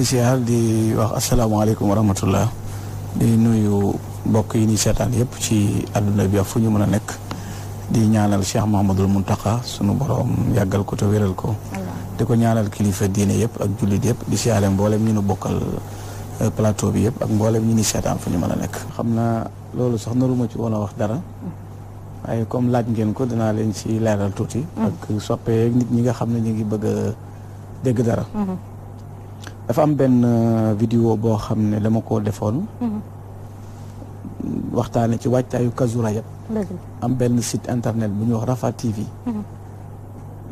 leen siyaar di wax asalaamaaleykum wa rahmatullah di nuyu mbokk yi ñuy seetaan yëpp ci àdduna bi ak fu ñu mën a nekk di ñaanal Cheikh Mahamadul Muntaqa sunu borom yàggal ko te wéral ko di ko ñaanal kilifa diine yëpp ak jullit yëpp di siyaare mboolem ñu nu bokkal euh, plateau bi yëpp ak mbooleem ñu ni seetaan fu ñu mën a nekk xam na loolu sax naruma ci woon a wax dara waaye comme laaj ngeen ko dinaa leen ci leeral tuuti mm-hmm. ak soppee nit ñi nga xam ne ñu ngi bëgg dégg dara mm-hmm. dafa am benn euh, vidéo boo xam ne dama koo defoon. Mhm. waxtaane ci waajtaayu Kazu Rajab am benn site internet bu ñuy wax Rafa TV. Mhm.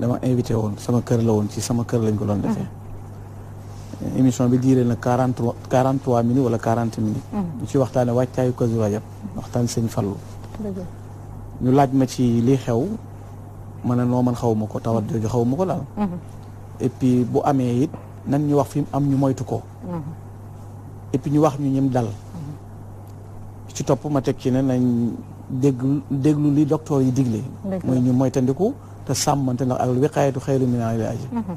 dama invité woon sama kër la woon ci sama kër lañ ko doon defee. Mhm. émission bi diire na quarante trois quarante minutes wala quarante minutes. ñu ci waxtaane waajtaayu Kazu Rajab waxtaan sëñ Fallu ñu laaj ma ci lii xew ma ne noo man ko tawat jooju xaw ko daal. et bu amee it. nan ñu wax fi mu am ñu moytu ko. Mhm. et ñu wax ñu ñim dal. Mhm. ci topp ma teg ci ne nañ déglu li docteur yi digle. mooy ñu moytandiku te sàmmante ndax ak wiqaayatu xayru min al-ilaaj. Mhm.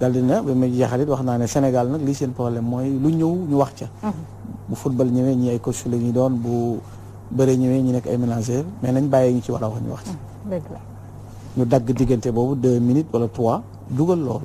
dal di na ba ma jeexalit wax naa ne Sénégal nag lii seen problème mooy lu ñëw ñu wax ca. bu football ñëwee ñi ay coach la ñuy doon bu bëre ñëwee ñu nekk ay ménagères mais nañ bàyyee ñu ci war a wax ñu wax ci. ñu dagg diggante boobu deux minutes wala trois dugal loolu.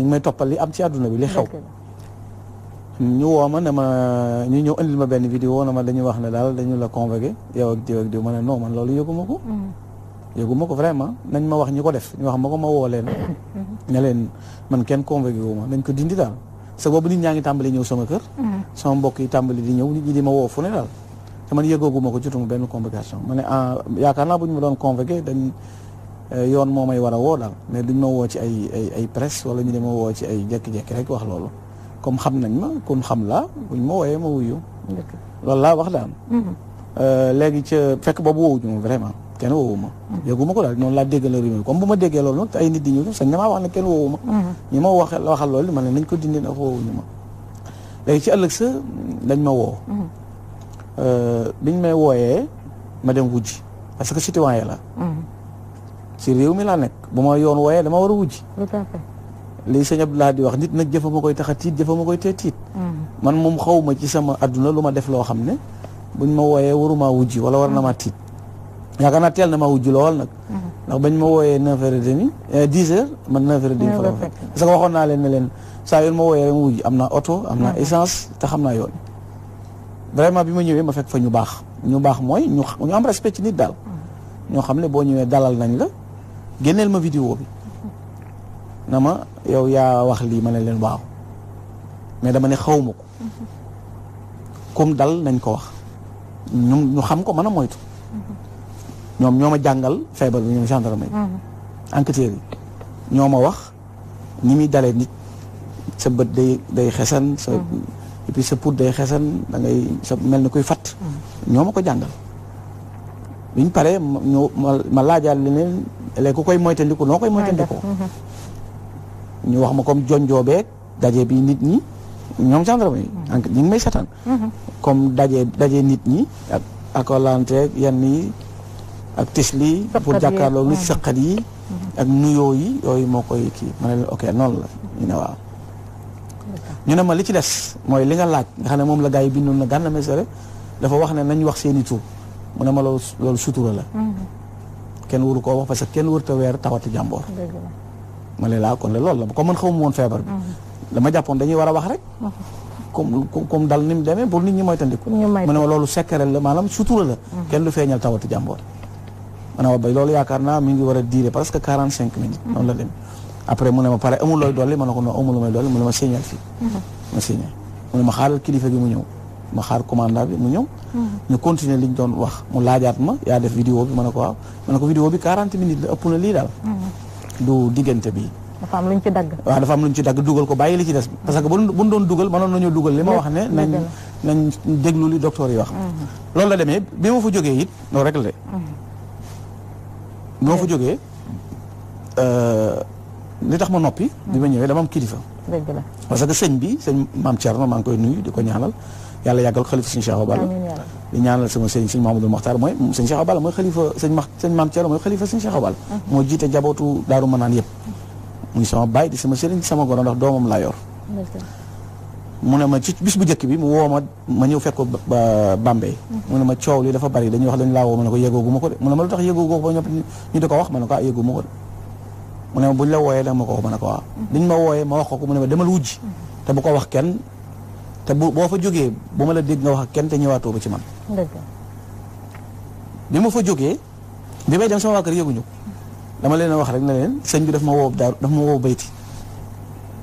ñu ngi may toppal li am ci àdduna bi li xew ñu woo ma ne ma ñu ñëw indil ma benn vidéo na ma dañu wax ne daal dañu la convoqué yow ak diw ak diw ma ne non man loolu yëguma ko mm-hmm. yëguma ko vraiment nañ ma wax ñi ko def ñu wax ma ko ma woo leen mm-hmm. ne leen man kenn convoqué wu ma nañ ko dindi daal sa boobu nit ñaa ngi tàmbali ñëw sama kër mm-hmm. sama mbokk yi tàmbali di ñëw nit ñi di ma woo fu ne daal te man yëgooguma ko jotuma benn convocation ma ne ah yaakaar naa bu ñu ma doon convoqué dañ Eh, yoon moo may war woo daal mais duñ ma woo ci ay ay ay presse wala ñu dem ma woo ci ay jékki-jékki rek wax loolu comme xam nañ ma kon xam laa ma wooyee ma wuyu. loolu laa wax daal. Mhm. Eh, léegi ca fekk boobu woowuñu kenn woowu ma. Mhm. yëgu ma ko daal noonu laa déggal réew comme bu ma déggee loolu ay nit di ñëw sax ña maa wax ne kenn ma. Mhm. ñi ma wax waxal loolu ma ne nañ ko ma. léegi ci ëllëg eh, may wooyee ma dem wujji parce que citoyen la. ci réew mi laa nekk bu ma yoon wooyee dama war a wujji sa sëñ laa di wax nit nag jëfa ma koy tax a tiit jëfa ma koy te tiit mm. man moom xaw ma ci sama adduna lu ma def loo xam ne buñ ma wooyee warumaa wujji wala war na ma tiit yaakaar naa teel na maa wujji lool nag mm-hmm. ndax bañ ma wooyee neuf heures et demi euh, dix heures man neuf heures et demi fa la fekk parce que waxoon naa leen ne leen saa yoon ma wooyee rek ma wujji am na oto am na mm-hmm. essence te xam naa yoon vraiment bi ma ñëwee ma fekk fa ñu baax ñu baax mooy ñu am respect ci daal mm-hmm. ñoo xam ne boo ñëwee dalal nañ la génneel ma vidéo bi na ma yow yaa wax lii ma ne leen waaw mais dama ne xaw ma ko comme dal nañ ko wax ñu ñu xam ko mën a moytu ñoom ñoo ma jàngal feebar bi ñoom gendarme yi mm-hmm. enquêteurs yi ñoo ma wax ni muy dalee nit sa bët day day xesan sa mm-hmm. et day xesan da ngay sa mel ni kuy fatt mm-hmm. ñoo ma ko jàngal biñ pare ma laajaat leneen léegi ku koy moytandiku noo koy moytandiku mhm. ñu wax ma comme jonjoo beeg daje bi nit ñi ñoom gendarme yi enquête ñu ngi may setaan mhm. comme daje daje nit ñi ak akolante yenn yi ak tisli pour jàkkaarloo lu sëqat yi mhm. ak nuyoo yi yooyu moo koy kii ma ne leen ok noonu la ñu ne waaw ñu ne ma li ci des mooy li nga laaj nga xam ne moom la gars yi bindoon na Gana Messere dafa wax ne nañ wax seen i tur mu ne ma loolu loolu sutura la kenn waru koo wax parce que kenn warut a weer tawati jàmboor ma ne laa kon la loolu la comme man xaw woon feebar bi mhm. dama jàppoon dañuy war a wax rek mhm. comme comme dal ni mu demee pour nit ñi moytandiku ma ne ma loolu secret la maanaam sutura la mhm. kenn du feeñal tawati jàmboor ma ne ma bay loolu yaakaar naa mi ngi war a diire presque quarante cinq minutes noonu la dem après mu ne ma pare amul looy dolli mu ne ma signal fii ma signal mu ne ma ñu continuer liñ doon wax mu laajaat ma yaa def vidéo bi ma ne ko waaw ma ne ko vidéo bi 40 minutes la ëpp na lii daal. du diggante bi. dafa am luñ ci dagg. waaw dafa am luñ ci dagg dugal ko bàyyi li ci des. parce que buñ doon dugal mënoon nañoo dugal li ma wax ne. nañ nañ déglu li docteur yi wax. Mm-hmm. loolu la demee bi ma fa jógee it loolu rek la de. Mm-hmm. jógee euh, li tax ma noppi. bi ma ñëwee dama am kilifa. parce que sëñ bi sëñ maam Thierno maa ngi koy nuyu di ko ñaanal. yalla yagal khalifa seigne Cheikh Awa ya di ñaanal sama seigne seigne mamadou Mokhtar moy seigne Cheikh Awa moy khalifa seigne sëñ seigne mam tiaro moy khalifa seigne Cheikh Awa mo jité jabotu daru manan Manaan muy sama bay di sama seigne sama goro ndax domam la yor mune ma ci bis bu njëkk bi mu woma ma ñew fekk ko Bambey mhm. ma ciow li dafa bari dañuy wax dañ la wo ma ko yego ma ko de mune ma lutax yego yëgoogu ñop ñu diko wax ma ne ko ah ko mune ma buñ la woyé dama ko wax ma ko dañ mhm. ma woyé ma wax ko mune ma demal wujji mhm. te bu ko wax kenn te bu boo fa jógee bu ma la dégg nga wax ak kenn te ñëwaatoo ba ci man. bi ma fa jógee bi may dem sama waa kër yëguñu dama leen wax rek na leen sëñ bi daf ma woo daaru daf ma woo bayti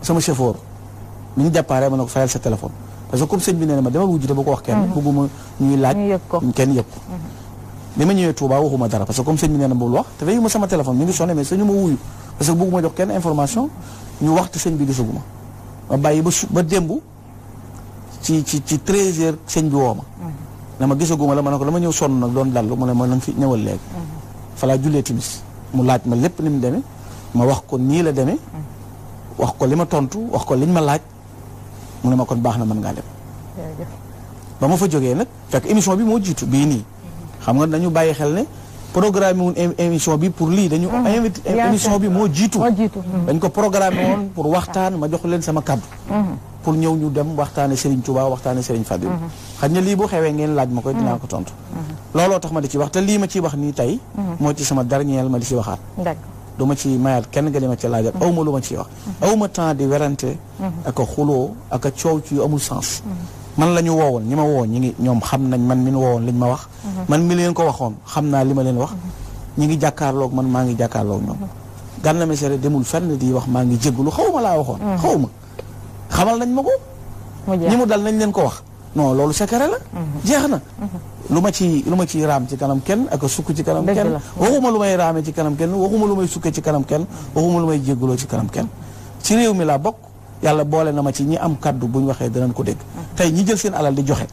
sama chauffeur mi ñu jàppaaree ma na ko fayal sa téléphone parce que comme sëñ bi nee na ma demal wujjite bu ko wax kenn mhm. bëgguma ñuy laaj kenn yëg ko mhm. bi ma ñëwee Touba waxuma dara parce que comme sëñ bi nee na bul wax te feyuma sama téléphone mi ngi sonné mais sëñu ma wuyu parce que bi gisaguma ma bàyyi ba ci ci ci treize heures sëñ bi woo ma dama mhm. gisaguma la ma ne ko dama ñëw sonn nag doon dallu mu ne ma na nga fi ñëwal léegi mhm. falaa jullee timis mu laaj ma lépp ni mu ma wax ko nii la demee mhm. wax ko li ma tontu wax ko liñ ma laaj mu ne ma kon baax na mën ngaa dem ba ma fa jógee nag fekk émission bi moo jiitu bii nii xam nga dañu bàyyi xel ne programme woon bi pour lii dañu invité émission bi moo jiitu dañ ko programme woon pour waxtaan ma jox leen sama kàddu pour ñëw ñu dem waxtaane Serigne Touba waxtaane Serigne Fadil mhm. xam ne lii bu xewee ngeen laaj ma koy dinaa mhm. ko tontu mhm. looloo tax ma di ci wax te lii ma ciy wax nii tey moo ci sama dernier ma di ci waxaat du ma ci mayaat kenn nga li ma ci laajat aw ma ma ciy wax aw ma temps di werante ak a xuloo ak a coow ci amul sens man la ñu woowoon ñi ma woo ñi ngi ñoom xam nañ man min woowoon liñ ma wax man mi leen ko waxoon xam naa li ma leen wax ñi ngi jàkkaarloog man maa ngi jàkkaarloog ñoom Gana Messere demul fenn di wax maa xamal nañ ma ko. ñi mu dal nañ leen ko wax non loolu secret la. Mhm. jeex na. Mhm. lu ma ci lu ma ci raam ci kanam kenn ak sukk ci kanam kenn waxuma lu may raame ci kanam kenn waxuma lu may sukke ci kanam kenn waxuma lu may jéggaloo ci kanam kenn ci réew mi laa bokk yàlla boole na ma ci ñi am kaddu bu ñu waxee danañ ko dégg mhm. tey ñi jël seen alal di joxe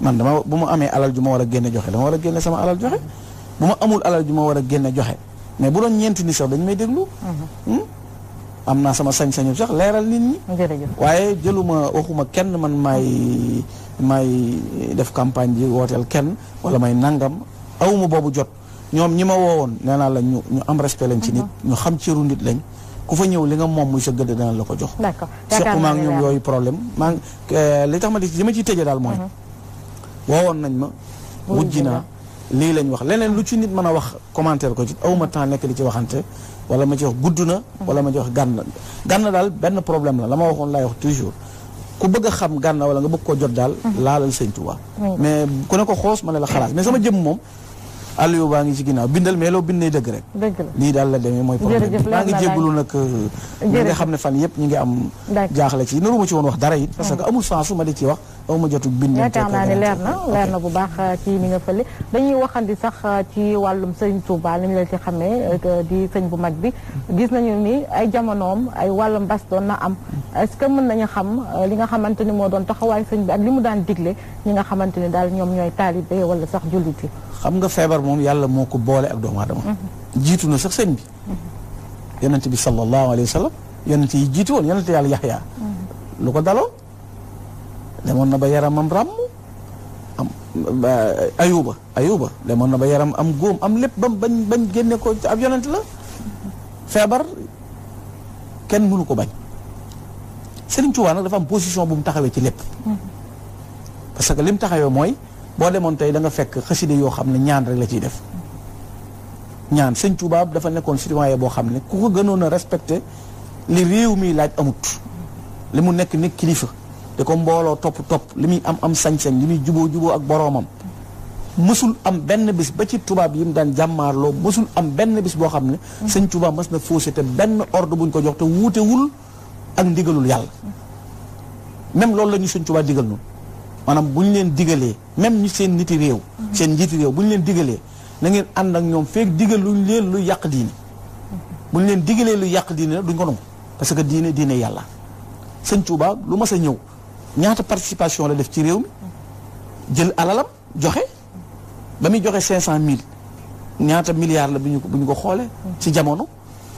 man dama bu ma amee alal ju ma war a génne joxe dama war a génne sama alal joxe bu ma amul alal ju ma war a génne joxe mais bu doon ñeenti ni sax dañ may déglu hmm? am naa sama sañ-sañu sax leeral nit ñi. waaye jëluma waxuma kenn man may may def campagne ji wooteel kenn wala may nangam awuma boobu jot ñoom ñi ma woowoon nee naa la ñu ñu am respect lañ ci nit mhm. ñu xam cëru nit lañ. ku fa ñëw li nga moom muy sa gëdd dana la ko jox. d'accord yaakaar naa ñoom yooyu problème maa ngi eh, li tax ma di li ma ciy tëjee daal mooy. Mhm. woowoon nañ ma. ji naa lii lañ wax leneen lu ci nit mën a wax commentaire ko ci awma temps nekk li ci waxante wala ma ci wax gudd na wala ma ci wax gànn gànn daal benn problème la la ma waxoon lay wax toujours ku bëgg xam ganna wala nga bëgg koo jot daal mhm. laalal sëñ Tuubaa mais ku ne ko xoos ma ne la xalaat mais sama jëm moom Aliou baa ngi ci ginnaaw bindal mais loo bindee dëgg rek lii daal la demee mooy problème maa ngi jégalu nag euh, ñi nga xam ne fan yëpp ñu ngi am jaaxle ci naruma ci woon wax dara it parce que mhm. amul sens su ma di ci wax aw ma jotug bind. yaakaar naa ne leer na leer na bu baax uh, ci ni nga fële dañuy waxandi sax uh, ci wàllum sëñ tuubaa ni ñu la ci xamee uh, di sëñ bu mag bi. gis nañu ni ay jamonoom ay wàllum bas doon na am est-ce que mën nañu xam li nga xamante ni moo doon taxawaay sëñ bi ak li mu daan digle ñi nga xamante ni daal ñoom ñooy taalibe wala sax jullit yi. xam nga feebar moom yàlla moo ko boole ak doomu aadama. Mhm. jiitu na sax sëñ bi. Mhm. yonent bi sallallahu alayhi wa sallam yonent yi jiitu woon yonent yàlla demoon na ba yaram yaramam ràmm am ayuba ayuba demoon na ba yaram am góom am lépp ba bañ bañ génne ko am yonent la feebar kenn mënu ko bañ Sëriñ Tuubaa nag dafa am position bu mu taxawee ci lépp parce que li mu taxawee mooy boo demoon tey da nga fekk xaside yoo xam ne ñaan rek la ciy def ñaan Sëriñ Tuubaa dafa nekkoon citoyen boo xam ne ku ko gënoon a respecté li réew mi laaj amut li mu nekk nekk kilifa te ko top top, top limi am am sañ-sañ jubo jubo juboo ak boromam musul am ben bis ba ci tubaab yim dan daan jàmmaarloo am ben bis bo xamne ne sëñ mas na faussé te ben ordre buñ ko jox te wul ak ndigalul yalla même lolou lañu ñu sëñ Tuubaa digal noonu maanaam bu ñu leen même ñu seen niti rew seen njiiti rew buñ len leen na ngeen and ak ñom fek digaluñ leen lu yaq diine buñ len leen lu yaq diine duñ ko nangu parce que diine diine yalla sëñ Tuubaa lu ma sa ñew ñaata participation la def ci réew mi jël alalam joxe ba muy joxe cinq cent mille ñaata milliards la bu ñu ko bu ko xoolee ci jamono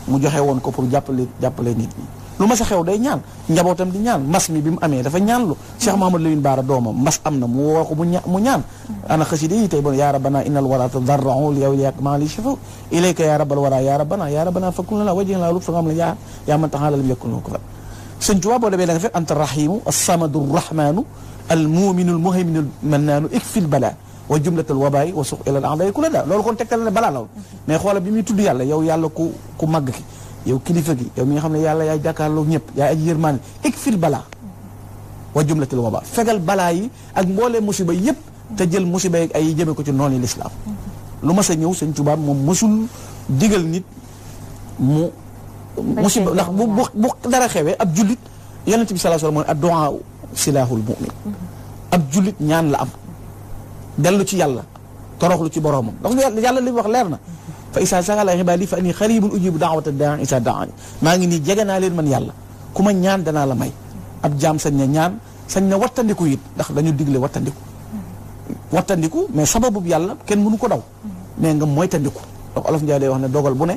mu joxe woon ko pour jàppale jàppale nit ñi lu ma sa xew day ñaan njabootam di ñaan mas mi bi mu amee dafa ñaan lu Cheikh Mahamadou Lamine Bara doomam mas am na mu woo ko mu mu ñaan ana xasida yi tey bon yaa rabbana innal wara tadarra'u li awliyak ma li am ilayka yaa rabbal wara yaa rabbana yaa rabbana fakun lana wajhana laa lub fa nga xam ne yaa yaa man taxaa la lam ko fa شن جواب ولا بيلا غفير أنت الرحيم الصمد الرحمن المؤمن المهيمن المنان اكفي البلاء وجملة الوباء وسوء إلى الأعضاء كل ده لو كنت تكلم بلا لو ما يخوال بيمي تبي الله يو يالله كو كو مجكي يو كليفكي يو ميخم لي يالله يا دكار لو نيب يا أجيرمان اكفي البلاء وجملة الوباء فقال بلاي أجمل مصيبة يب تجل مصيبة أي جمع كتير نون الإسلام لما سنيو سنجوبا مو مسل ديجل نيت مو musiba ndax bu bu dara xewé ab yalla yonente sallallahu salaa wasallam ad du'a silahul mumin mhm. ab julit ñaan la am delu ci yàlla toroxlu ci borom ndax yalla li wax leer na fa isa sagala ibali fa ani xaribun ujibu daawata da'i isa daani ma ngi ni jégena leen man yalla kuma ñaan dana la may ab jam sañ na ñaan sañ na watandiku yit ndax dañu digle watandiku mhm. watandiku mais sababu yalla kenn mënu ko daw mais mhm. nga moytandiku donc olof njaay lay wax ne dogal bu ne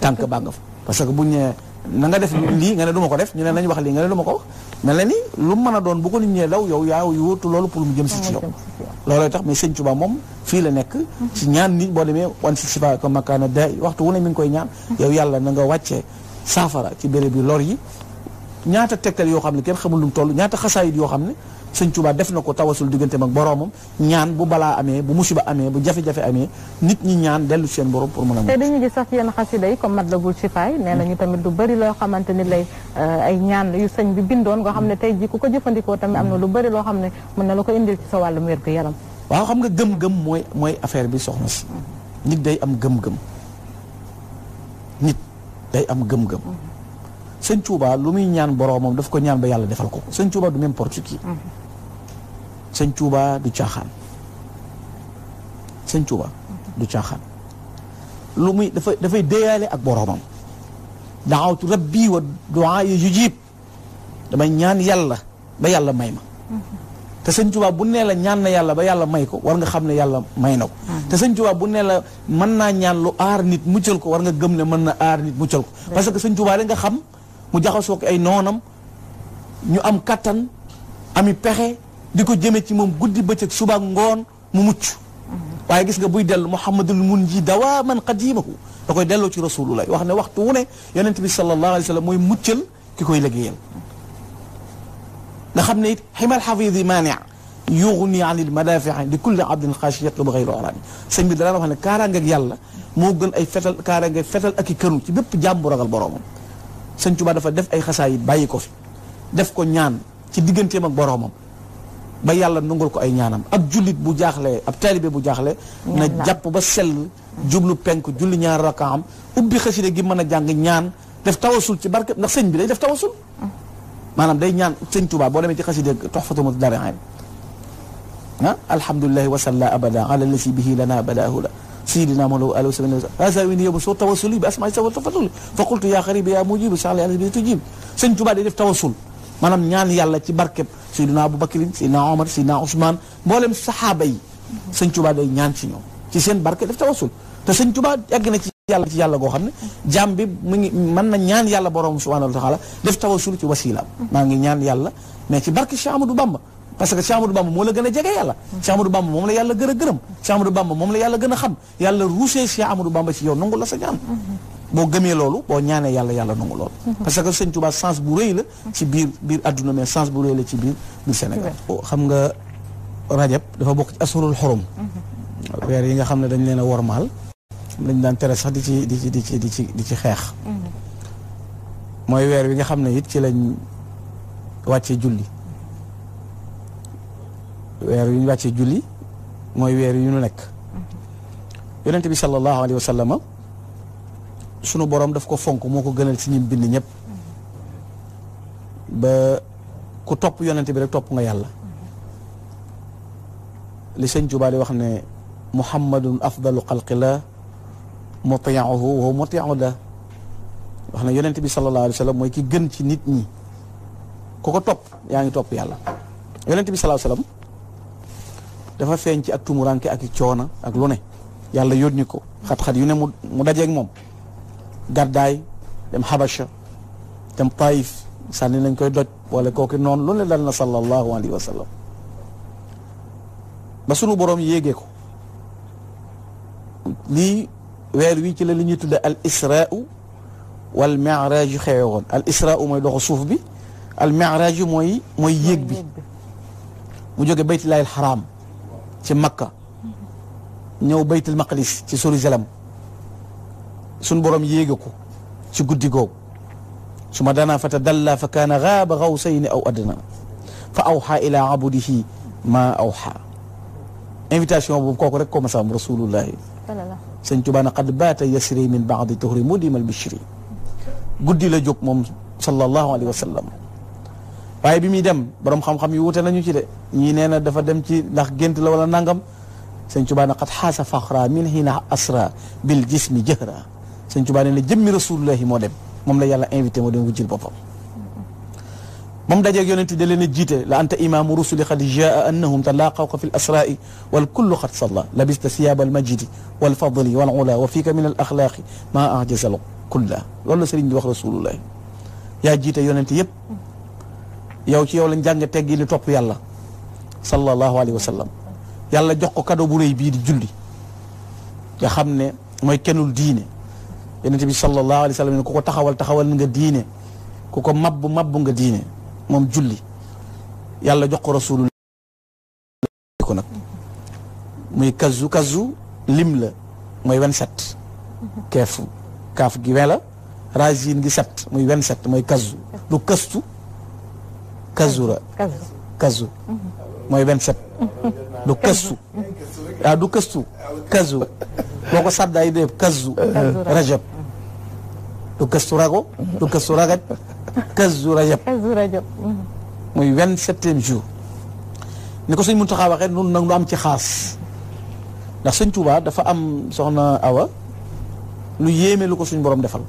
tànk nga fa parce que bu ne na nga def lii nga ne duma ma ko def ñu ne nañ wax lii nga ne du ko wax mel na ni lu mën a doon bu ko nit ñee daw yow yaa yóotu loolu pour mu jëm si ci yow loolooy tax muy sëñ Tuba moom fii la nekk ci ñaan nit boo demee wan si sifa ko makkaana day waxtu wu ne mi ngi koy ñaan yow yàlla nanga nga wàccee saafara ci béréb bi lor yi ñaata tegtal yoo xam ne kenn xamul lu mu toll ñaata xasaayit yoo xam ne sëñ Tuubaa def na ko tawasul diggante mag boroomam ñaan bu balaa amee bu musiba amee bu jafe-jafe amee nit ñi ñaan dellu seen borom pour mën a. tey dañuy gis sax yenn xasida yi comme Matlabul Chifaay nee nañu tamit lu bari loo xamante ni lay euh, ay ñaan yu sëñ bi bindoon nga xam ne tey jii ku ko jëfandikoo tamit am na lu bëri loo xam ne mën na la ko indil ci sa wàllum wér gu yaram. waaw xam nga gëm-gëm mooy mooy affaire bi soxna nit day am gëm-gëm am gëm sëñ Touba lu muy ñaan boroomam daf ko ñaan ba yàlla defal ko sëñ Touba du n'importe qui. Mhm. sëñ Touba du caaxaan. sëñ Touba du caaxaan. lu muy dafay dafay déyaale ak boroomam. daawtu rabbi wa duaa yujib damay ñaan yàlla ba yàlla may ma. Mhm. te sëñ Touba bu nee la ñaan na yàlla ba yàlla may ko war nga xam ne yàlla may na ko. Mhm. te bu nee mën naa ñaan lu aar nit muccal ko war nga gëm ne mën na aar nit muccal ko. parce que sëñ Touba da nga xam. mu jaxasoo ak ay nonam ñu am katan ami pexe diko jëme ci moom guddi ak suba ngon mu mucc waye gis nga buy dellu muhammadul munji ji man qadimahu da koy delloo ci rasulullah wax ne waxtu wu ne yonent bi sallallahu alayhi wasallam moy muccel muccal ki koy liggéeyal nga xamne ne it ximal xafidi maani yugni an il madafii li kulli abdin xaashi yatlub xayru araami sëñ bi dana wax ne kaaraangeeg yàlla moo gën ay fetal kaaraangeeg fetal ak i kënu ci bépp jàmm ragal boroomam sëñ Tuubaa dafa def ay xassay bayiko fi def ko ñaan ci digeentem ak boromam ba yalla nungul ko ay ñaanam ab julit bu jaxlé ab talibé bu jaxlé na japp ba sel jublu penk julli ñaar rakaam ubbi xassida gi mën jang ñaan def tawassul ci barke ndax sëñ bi day def tawassul manam day ñaan sëñ Tuubaa bo demé ci tuhfatu toxfatu ha ah wa wasalla abada ala lasi bihi lana badahula سيدنا مولانا عليه وسلم هذا ونيابه soo tawasul bi asmaa sa wa tafaddul fa qultu yaa xarib yaa mujib sali anas bi tujib sëñ Tuubaa day def tawasul maanaam ñaan yàlla ci barkeb Seydina Aboubacrine Seydina ñaan ci ñoom ci seen barke def tawasul te sëñ Tuubaa yàgg na ci yàlla ci yàlla goo xam ne jàmm bi mu ngi mën na ñaan yàlla borom subhanahu wa taala def tawasul ci wasilaam maa ngi ñaan yàlla mais ci barke Cheikh Amadou Bamba parce que Cheikh Amadou Bamba moo la gën a jege yàlla Cheikh Amadou Bamba moom la yàlla gën a gërëm Cheikh Amadou Bamba xam yàlla ruusee Cheikh Amadou Bamba ci yow nangu la sa ñaan boo gëmee loolu boo ñaanee yàlla yàlla nangu loolu parce que sëñ Touba sens bu rëy la ci biir biir adduna mais sens bu rëy la ci biir biir Sénégal oh, xam nga rajab dafa bokk ci asurul xorom weer yi nga xam ne dañ leen a wormaal lañ daan tere sax di ci di ci di ci di ci xeex mhm. mooy weer bi nga xam ne it ci lañ wàccee julli weer yu ñu wàccee julli mooy weer yu ñu nekk yonent bi sallallahu alayhi wa sallam sunu boroom daf ko fonk moo ko gënal ci ñim bind ñëpp ba ku topp yonent bi rek topp nga yàlla li sëñ Tuubaa di wax ne muhammadun afdalu xalqi la mutiahu wa mutiahu la wax ne yonent bi sallallahu alayhi wa mooy ki gën ci nit ñi ku ko topp yaa ngi topp yàlla yonent bi sallallahu alayhi wa dafa feñ ci ak tumuranke ak ciona ak lune yàlla yónni ko xat-xat yu ne mu mu ak mom gaday dem habasha dem taif sànni lañ koy doj wala kooki non lune dal na sallallahu alaihi wasallam ba sunu borom yéegee ko lii wér wi ci la li ñuy tudde al israau wal mi'raj khayrun al israau moy doxu suuf bi al mi'raj moy moy yéeg bi mu jóge baytillahi al xaraam ci Makka ñëw baytul maqdis ci Jérusalem sun borom yéege ko ci guddi googu su ma danaa fata dalla fa kaana gaaba xawsayni aw adna fa awxa ila abudihi ma awxa invitation boobu kooku rek ko masaam rasulullahi sëñ Tuubaa na qad baata yasri min baadi tuhri mudimal bishri guddi la jóg moom sallallahu alayhi wa sallam waaye bi mi dem borom xam-xam yi wute nañu ci de ñi nee dafa dem ci ndax gént la wala nangam sëñ Tuubaa ne qad hasa fakhra min hina asra bil jism jahra sëñ Tuubaa ne na jëmmi rasulullahi mo dem mom la yàlla invité mo dem wujjil bopam mom dajeeg ak da de a jité la anta imam rusul khad jaa annahum talaqaw fi l asraai wal kullu xad salla labista siyab al majidi wal fadli wal ula wa fika min al akhlaq ma ajaza al kulla loolu señ di wax rasulullahi ya jité yonent yëpp yow ci yow lañ jàng teggi ni topp yàlla sallallahu alayhi wa sallam yàlla jox ko kado bu rëy bii di julli nga xam ne mooy kennul diine yonent bi sallallahu alayhi wa sallam ku ko taxawal taxawal nga diine ku ko mabb mabb nga diine moom julli yàlla jox ko rasulullah muy kazu kazu lim la mooy vingt-sept keef kaaf gi vingt la racine gi sept muy vingt-sept mooy kazu du këstu kazura kazu mooy 27. du këstu waaw ah, du këstu kazu boo ko sàddaa yi def kazu rajab du këstu rago du këstu ragaj kazu rajab muy vingt-septième jour ni ko sëñ Muntaxa waxee nun nag nu am ci xaas ndax sëñ Tuubaa dafa am soxna awa lu yéeme lu ko suñ borom defal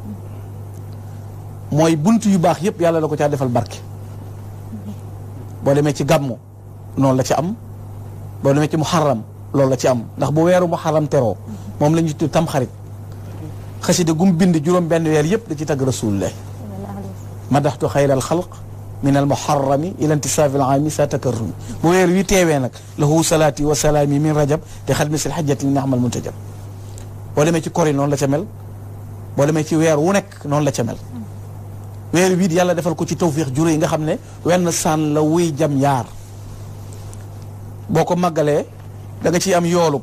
mooy bunt yu baax yëpp yàlla la ko caa defal barke بوليمة تي غامو نون لا تي ام بوليمة تي محرم لول لا تي ام داخ بو ويرو محرم تيرو موم لا نيو تي تام خريط خشيد غوم بيند جوروم بن وير ييب دي تي رسول الله ما دحت خير الخلق من المحرم الى انتصاف العام ستكرم بو وير وي تيوي نك له صلاتي وسلامي من رجب تي خدمه سي الحجه اللي نعمل منتجب بوليمة تي كوري نون لا تي مل بوليمة تي وير وو نك نون لا تي مل weer wiit yàlla defal ko ci tawfiq jure nga xamné ne wenn saan la wuy jam yar boko magalé da nga ci am yoolub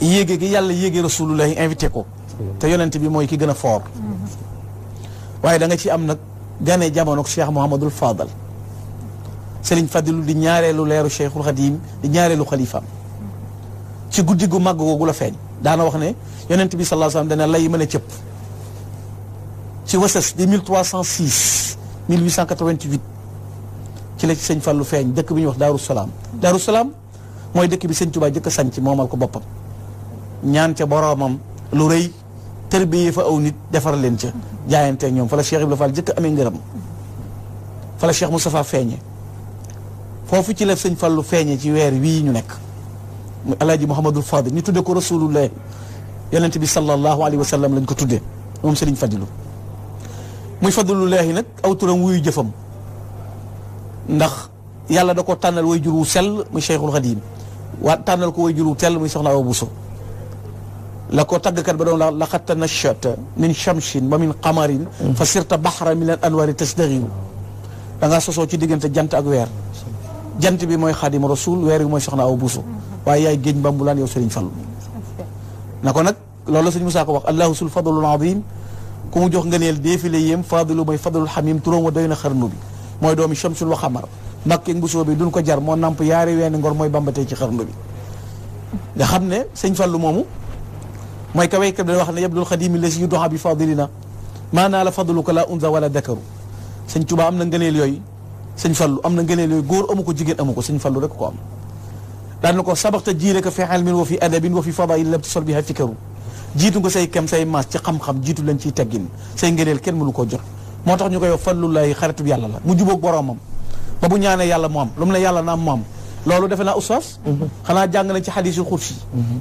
yéege gi yàlla yéege rasulullah invité ko te yonent bi moy ki gëna fort waye da nga ci am nak gane jamono cheikh Mouhamadul Fadal Serigne Fadilu di ñaaré lu leeru cheikhul khadim di ñaaré lu khalifa ci guddi gu màgg googu la feeñ daana wax ne yonent bi sallallahu alayhi wasallam sallam dana lay mën a cëpp ci wases di 1306 1888 ci la ci sëñ lu feeñ dëkk bi ñuy wax Daaru Salaam Daaru Salaam mooy dëkk bi sëñ Tuubaa jëkk a moom moomal ko boppam ñaan ca boroomam lu rëy tërbiye fa aw nit defar leen ca jaayante ñoom fa la Cheikh Ibrahima Fall jëkk amee ngërëm fa la Cheikh Moustapha feeñe foofu ci la sëñ lu feeñe ci weer wii ñu nekk muy alaaji Mouhamadul Fadil ñu tudde ko rasulullah yonent bi sallallahu alayhi wa sallam lañ ko tudde moom Sëriñ Fadilu muy fadlu fadlullaahi nak aw turam wuy jeufam ndax yàlla dako tanal way juru sel muy Cheikhul khadim wa tanal ko way juru tel muy soxna abou Buso lako tag kat ba doon la laqad tanashata min shamsin wa min qamarin fa sirta baxra min al anwar tasdaxiru da nga soso ci diggante jant ak wer jant bi moy khadim rasul wer moy mooy soxna Awa Buso waaye yaay geñ bambulan yow serigne Fallu nako nak lolou serigne la ko wax allahu sul al azim ku mu jox ngëneel défilé yéem fadilu mooy fadlul xamim turam wa doy na xarnu bi mooy doomi shamsul wa xamar nakk bu soo bi duñ ko jar moo namp yaari weeni ngor mooy bambatee ci xarnu bi nga xam ne sëñ Fallu moomu mooy ka waykat bi wax ne yabdul xadimi la si yu doxa bi fadilina maanaa la fadlu ko la unza wala dakaru sëñ Tuubaa am na ngëneel yooyu sëñ Fallu am na ngëneel yooyu góor amu ko jigéen amu ko sëñ Fallu rek ko am daan na ko sabaxta jiire ko fi ilmin wa fi adabin wa fi fadail lam tusal biha fikaru jiitu nga say kem say maas ci xam-xam jiitu lañ ciy teggin say ngëneel kenn mënu koo jot moo tax ñu koy wax fallu lay xaritu yàlla la mu jubóog boromam ba ñaanee yàlla mu am lu yàlla na am mu am loolu defe naa xanaa jàng na ci xadiisu xursi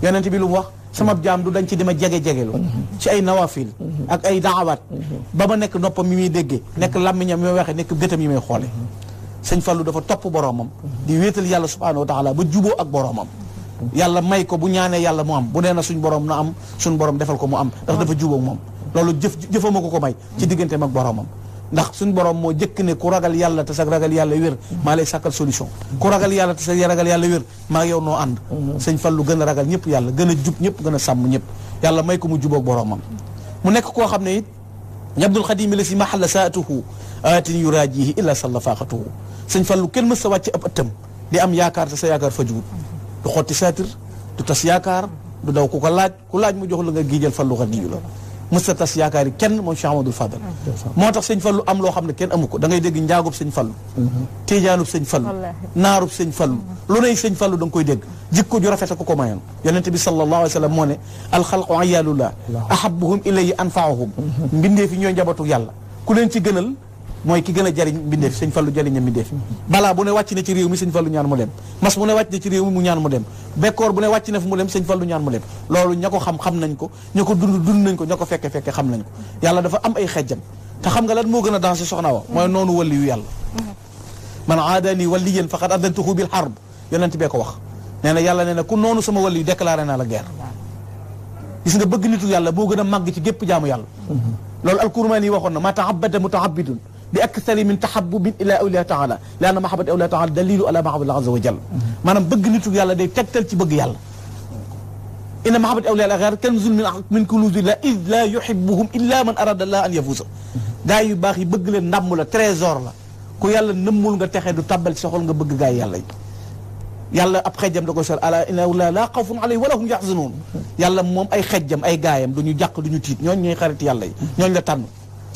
yonent bi lu mu wax sama jaam du dañ ci dima jege-jegelu ci ay nawafil ak ay daawaat ba ma nekk noppam mi muy déggee nekk làmmiñam yi may nekk gëtam yi may xoole sëñ Fallou dafa topp boromam di wéetal yàlla subhaanahu wa taala ba juboo ak boroomam yàlla may ko bu ñaanee yàlla mu am bu nee na suñ boroom na am suñ borom defal ko mu am ndax dafa ah. jubóog moom loolu jëf jëfama ko ko may ci hmm. digganteem ak boromam ndax suñ borom moo jëkk ne ku ragal yàlla te sa ragal yàlla wér hmm. maa lay sàkkal solution ku ragal yàlla te sa ragal yàlla wér maa yow noo ànd hmm. sëñ Fallu gën a ragal ñëpp yàlla gën a jub ñëpp gën a sàmm ñëpp yàlla may ko mu jubóog boromam mu nekk koo xam ne it Abdul Xadim la si mahalla saatuhu aatin yuraajihi illa salla faaxatuhu sëñ Fallu kenn mës sa wàcc ab ëttam di am yaakaar te sa yaakaar fa jugut du xotti feetir du tas yaakaar du daw ku ko laaj ku laaj mu jox la nga giijal fallu xa diyu la mësta tas yaakaar yi kenn moom Cheikh Amadou Fadal moo tax sëñ fallu am loo xam ne kenn amu ko da ngay dégg njaagub sëñ fallu tiijaanub sëñ fallu naarub sëñ fallu lu nay sëñ fallu danga koy dégg jikko ju rafet ko ko mayoon yonent bi sallallahu alayhi wa sallam moo ne alxalqu ayaalullah ahabuhum ilayhi anfaahum mbindee fi ñoo njabootu yàlla ku leen ci gënal mooy ki gën a jariñ mbindeef sëñ Fallou jariñ na mbindeef balaa bu ne wàcc na ci réew mi sëñ Fallou ñaan mu dem mas bu ne wàcc na ci réew mi mu ñaan mu dem bekkoor bu ne wàcc na fu mu dem sëñ Fallou ñaan mu dem loolu ña ko xam xam nañ ko ña ko dund dund nañ ko ña ko fekke fekke xam nañ ko yàlla dafa am ay xejjam te xam nga lan moo gën a dansé soxna wa mooy noonu wali yu yàlla man aadani waliyan faqad adantuhu bil harb yonent bee ko wax nee na yàlla nee na ku noonu sama wali yu déclaré naa la guerre gis nga bëgg nitu yàlla moo gën a màgg ci gépp jaamu yàlla mm-hmm. loolu alkurmaani yi waxoon na ma taabada mutaabidun باكثر من تحبب الى اولياء تعالى لان محبه اولياء تعالى دليل على محبه الله عز وجل مانام بغ نيتو يالا دي تكتل سي بغ يالا ان محبه اولياء غير كنز من من كنوز لا اذ لا يحبهم الا من اراد الله ان يفوز غاي يو باخي بغ لا ندم لا تريزور لا كو يالا نمول غا تخي دو تابل سخول غا بغ غاي يالا يالا اب خديم داكو سور الا ان لا لا خوف عليه ولا هم يحزنون يالا موم اي خديم اي غايم دو نيو جاك دو نيو تيت نيو ني خريت يالا نيو لا تان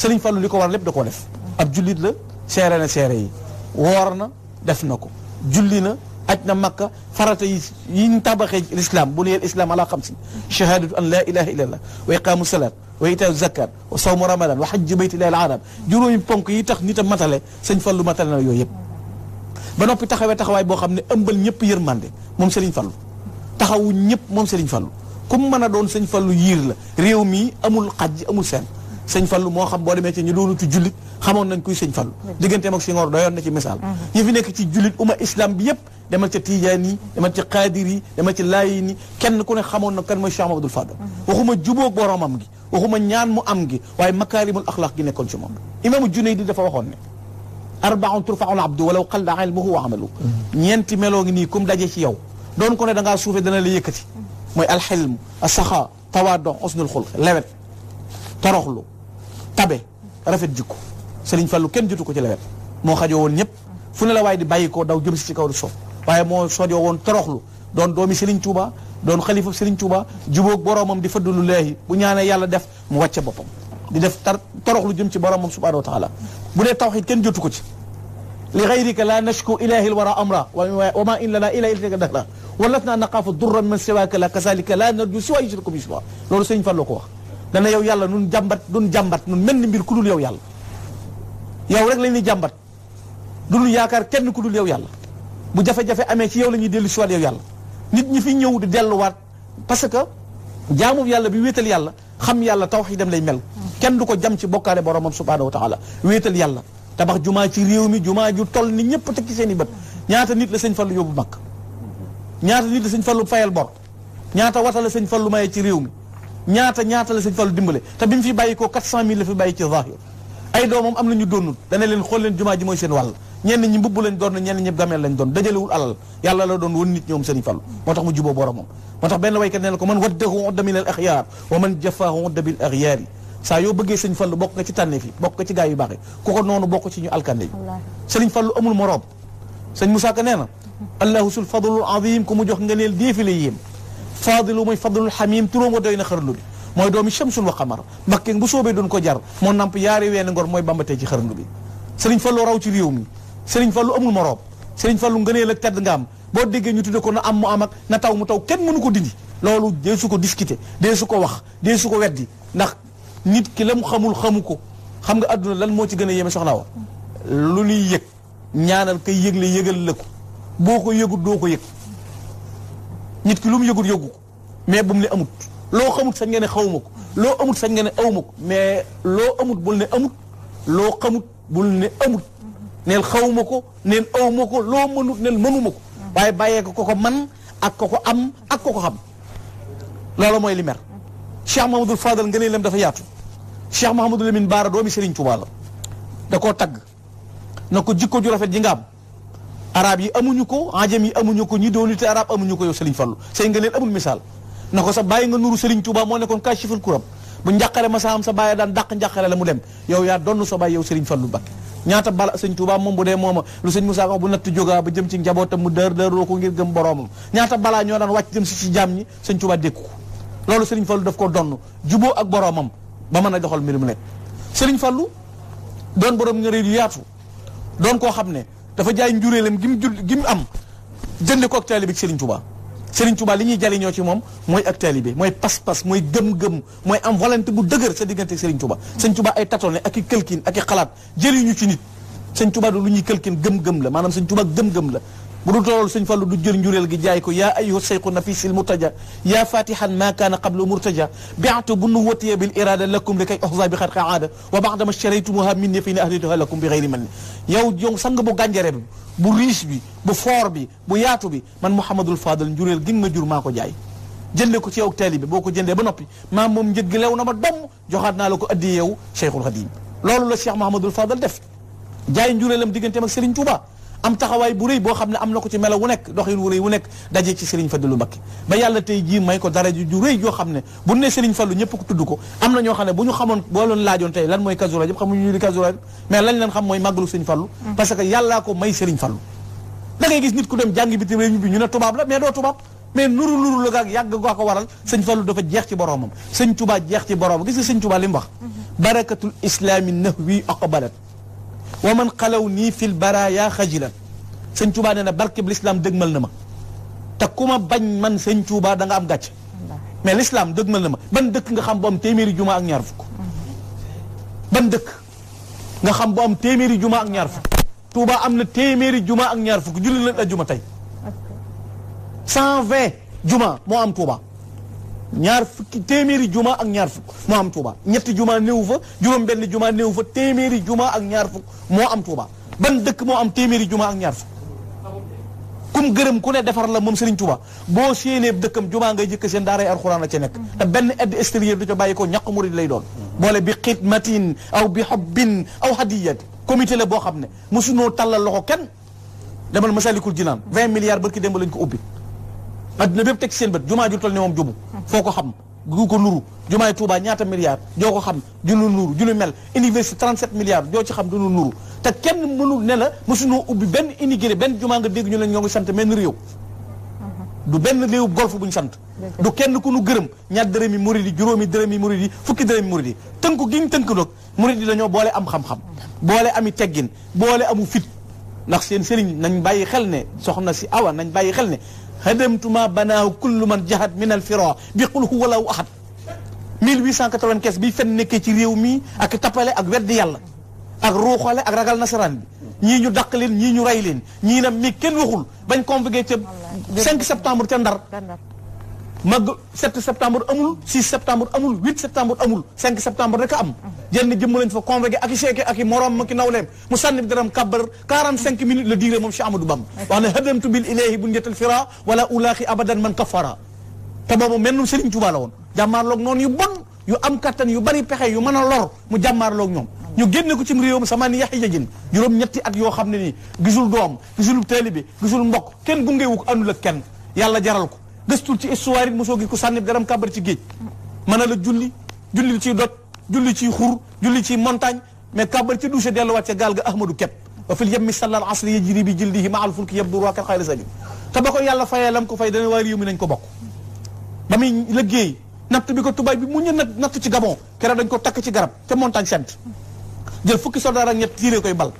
سيرن فالو ليكو وار ليب داكو ديف ab jullit la seere na seere yi woor na def na ko julli na aj na makka farata yi yi ñu tabaxee l'islam bu nuyeel l'islam ala xam si shahadatu an la ilaha illallah wa iqamu salat wa itaau zakat wa sawm ramadan wa hajj bayt baytillahi al juro juróomi ponk yi tax nit matale sëñ Fallu matale na yoyep ba nopi taxawé taxaway bo xamné ne ñëpp yërmande mom Sëriñ Fallu taxawu ñëpp mom Sëriñ Fallu kum mën doon sëñ Fallu yir la réew mi amul xaj amul sen sëñ Fallu moo xam boo demee ci ñu doonutu jullit xamoon nañ kuy sëñ Fallu digganteem ak Senghor doyoon na ci misaal mhm. ñi nekk ci jullit uma islam bi yëpp demal ca Tijaan yi demal ci Xaadir yi ci Laayeen yi kenn ku ne xamoon na kan mooy Cheikh Mamadou Fadal mhm. waxuma jubóog am gi waxuma ñaan mu am gi waaye makaarimul axlaaq gi nekkoon ci moom imaamu Junayd dafa waxoon ne arbaun turfaul abdu walaw qalla ilmuhu wa amalu mhm. ñeenti meloo ngi nii comme daje ci yow doon ko ne da ngaa dana la yëkkati mooy alxilm asaxa tawaado usnul xulq lewet toroxlu tabe rafet jikko Serigne fallu ken jitu ko ci lewet mo xajoo won ñep fu ne la way di bayiko daw jëm ci kaw so waye mo sodio won toroxlu don domi Serigne Touba don khalifa Serigne Touba jubo ak boromam di faddalu leehi bu ñaané yàlla def mu wàcce bopam di def toroxlu jëm ci boromam subhanahu wa taala bu ne tawhid ken jitu ko ci li gayrika la nashku ilahi lwara amra wa ma in lana ila ilayka dahra walatna naqaafu durra min siwaka la kasalika la narju siwa yusrikum yusra loolu Serigne Fallou ko wax dana yow yàlla nun jàmbat dun jàmbat nun menn mbir ku dul yow yàlla yow rek lañuy jàmbat duñu yaakaar kenn ku dul yow yàlla bu jafe-jafe amee ci yow la ñuy dellu si waat yàlla nit ñi fi ñëw di delluwaat parce que jaamu yàlla bi wéetal yàlla xam yàlla tawxiidam lay mel kenn du ko jam ci bokkaale boromam subhaanahu wa taala wéetal yàlla tabax jumaa ci réew mi jumaa ju toll nit ñëpp tekki seen i bët ñaata nit la sëñ Fallu yóbbu mag ñaata nit la sëñ Fallu fayal bor ñaata wata la sëñ Fallu maye ci réew mi ñaata ñaata la seigne Fallu dimbale te bi fi bayiko 400000 la fi bayi ci zahir ay doomam am na ñu da na leen xol leen juma ji moy seen wal ñen ñi mbubb lañ doon ñen ñi gamel lañ doon dajale wul alal yàlla la doon won nit ñom seigne Fallu motax mu jubo borom motax ben way ka neel ko man waddahu udda min al akhyar wa man jafaahu udda bil aghyar sa yo yoo seigne sëñ Fallu bokk nga ci tanne fi bok ci gaay yu baxé yi ku ko nonu bok ci ñu alkande seigne sëriñ Fallu amul moroom seigne Musaa Ka neena na allahu sul fadlul azim ku mu jox nga neel déefile yéem فاضل موي فضل الحميم تورو مو دينا خرندوبي موي دومي شمس وقمر مكي بو سوبي دون كو جار مو نامب ياري وين غور موي بامبا تي خرندوبي سيرن فالو راو تي ريومي سيرن فالو امول مروب سيرن فالو غنيل اك تاد غام بو ديغي ني تودو كون ام امك نتاو مو تاو كين مونو كو ديني لولو دي سوكو ديسكوتي دي سوكو واخ دي سوكو ويدي ناخ نيت كي لام خامول خاموكو خمغا ادنا لان موتي غنا ييمي سخناوا لولي ييك ñaanal kay yëgle yëgal la ko boo ko yëgul nit ki lu mu yëgul yëgu ko mais bu mu ne amut loo xamut sañ nga ne xawma ko loo amut sañ nga ne mais loo amut bul ne amut loo xamut bul ne amut neel xawuma ko neen awma ko loo mënut neen mënuma ko waaye bàyyee ko ko ko man ak ko ko am ak ko ko xam loolu mooy li mer Cheikh Mahamadul Fadal nga lem dafa yaatu Cheikh Mahamadul Lamine Baara doomi Serigne Touba la da koo tagg na ko jikko ju rafet ji nga am arab yi amuñu ko enjam yi amuñu ko ñi doon arab amuñu ko yow Serigne fallu sey nga leen amul misal na sa baye nga nuru Serigne Touba mo nekkon kashiful kuram bu njàqare ma saam sa baye daan dak njàqare la mu dem yow ya donu so baye yow Serigne fallu bak ñaata bala serigne Touba mom bu de lu serigne Moussa wax bu natt joga ba jëm ci njabotam mu Nyata dëroo roko ngir gëm borom ñaata bala ño daan wacc jëm si ci jubo ñi serigne Touba dekk ko lolu Serigne fallu daf ko donu jubo ak boromam ba doxal Serigne fallu don borom nga yu yaatu don ko xamne dafa jaay njuréelam gi mu jul gi mu am jënde ko ak taalibe ak Serigne Touba Serigne li ñuy jariñoo ci moom mooy ak taalibe mooy pas-pas mooy gëm-gëm mooy am volonté bu dëgër sa diggante ak Serigne Touba Serigne Touba ay tatone ak i këlkin ak i xalaat jëliñu ci nit Serigne Touba du lu ñuy këlkin gëm-gëm la maanaam Serigne Touba gëm-gëm la بودو تورول سيغن فالو دو جير نجوريل غي جاي كو يا ايو شيخ نفيس المرتجى يا فاتحا ما كان قبل مرتجى بعت بنوتي بالارادة لكم لكي احظى بخلق عاده وبعد ما اشتريتموها مني فين اهديتها لكم بغير من يا يوم سانغ بو غانجير بو ريس بي بو فور بي بو ياتو بي من محمد الفاضل نجوريل غي ما جور ماكو جاي جند كو تيو تالي بي بوكو جند با نوبي ما موم نجيت غي نما دوم جوخات نالاكو ادي ياو شيخ القديم لولو لا شيخ محمد الفاضل ديف جاي نجوريلم ديغنتي سيرين توبا am taxawaay bu rëy boo xam ne am na ko ci melo wu nekk doxin wu rëy wu nekk daje ci Serigne Fadilou Mbacké ba yàlla tey jii may ko dara ju rëy joo xam ne bu ne Serigne Fallou ñëpp ko tudd ko am na ñoo xam ne bu ñu xamoon boo leen laajoon tey lan mooy Kazu Rajab xamuñu li Kazu Rajab mais lañ leen xam mooy màggalu Serigne Fallou mm. parce que yàllaa ko may Serigne Fallou da gis nit ku dem jàngi bitim réew ñu bi ñu ne tubaab la mais doo tubaab la gaag jeex ci boromam ومن قلوني في البرايا خجلا سن توبا دنا برك بالاسلام دغمل نما تكوما بان من سن توبا دا نغا ام مي الاسلام دغمل نما بان دك نغا خام بوم تيمير جمعة اك نيار فوك بان دك نغا خام بوم تيمير جمعة اك نيار فوك توبا امنا تيمير جمعة اك نيار فوك جولي لا جمعة تاي 120 جمعة مو ام توبا ñaar fukki téeméeri juma ak ñaar fukk moo am Touba ñetti juma néew fa juróom benn jumaa néew fa téeméeri juma ak ñaar fukk moo am Touba ban dëkk moo am téeméeri juma ak ñaar fukk kum gërëm ku ne defaral la moom Serigne Touba boo séenee dëkkam juma ngay jëkk seen daaray alxuraan la ca nekk te benn aide extérieure du ca bàyyi ko ñaq murid lay doon boole bi xidmatin aw bi xobbin aw hadiyat comité la boo xam ne mosunoo tallal loxo kenn demal masalikul jinaan vingt milliards barki démb lañ ko ubbi adduna bépp teg seen bët jumaa ju toll ne moom jubu foo ko xam gu ko nuru jumaay Touba ñaata milliards joo ko xam junu nuru junu mel université 37 milliards joo ci xam dunu nuru te kenn mënul ne la mosunoo ubbi benn immigré benn jumaa nga dégg ñu ne ñoo ngi sant benn réew du benn réew golf bu ñu sant du kenn ku nu gërëm ñaar dërëmi murid yi juróomi dërëmi murid yi fukki dërëmi murid yi tënku gi ñu tënk nag murid yi boole am xam-xam boole ami teggin boole amu fit ndax seen sëriñ nañ bàyyi xel ne soxna si awa nañ bàyyi xel ne hadamtuma banaahu kullu man jahat min al fira bi qul huwa allahu ahad 1895 bi fen nekkee ci réew mi ak tappale ak weddi yàlla ak ruuxale ak ragal nasaraan bi ñii ñu dàq leen ñii ñu rey leen ñii nag mi kenn waxul bañ convoqué ca 5 septembre ca Ndar mag 7 septembre amul 6 septembre amul 8 septembre amul 5 septembre rek a am. jenn jëmm lañ fa convoqué ak ak i morom ak i nawleem mu sànni bi daram kàbbar 45 minutes la diire moom si Amadou Bam. wax ne hadamtu bil ilahi bu njëtal fira wala ulaaxi abadan man kafara te boobu mennum Serigne Touba la woon jàmmaarloog noonu yu bon yu am kattan yu bari pexe yu mën a lor mu jàmmaarloog ñoom. ñu génne ko ci réewam sama ni yaxi jajin juróom-ñetti at yoo xam ne nii gisul doom gisul taalibe gisul mbokk kenn gungewu ko àndul ak kenn yàlla jaral ko gëstul ci histoire it mosoo gis ku sànni garam kàbbar ci géej mën a la julli julli ciy doj julli ci xur julli ciy montagne mais kàbbar ci douche delluwaat ca gaal ga ahmadou kepp wa fil yemmi sallal asri yajri bi jildihi ma al fulki yabdu raakat xayla sajum te ba ko yàlla fayee lam ko fay dana waa réew mi nañ ko bokk ba muy liggéey natt bi ko tubaab bi mu ñu nat natt ci gabon keroog dañ ko takk ci garab ca montagne sainte jël fukki soldaar ak ñett tiiree koy bal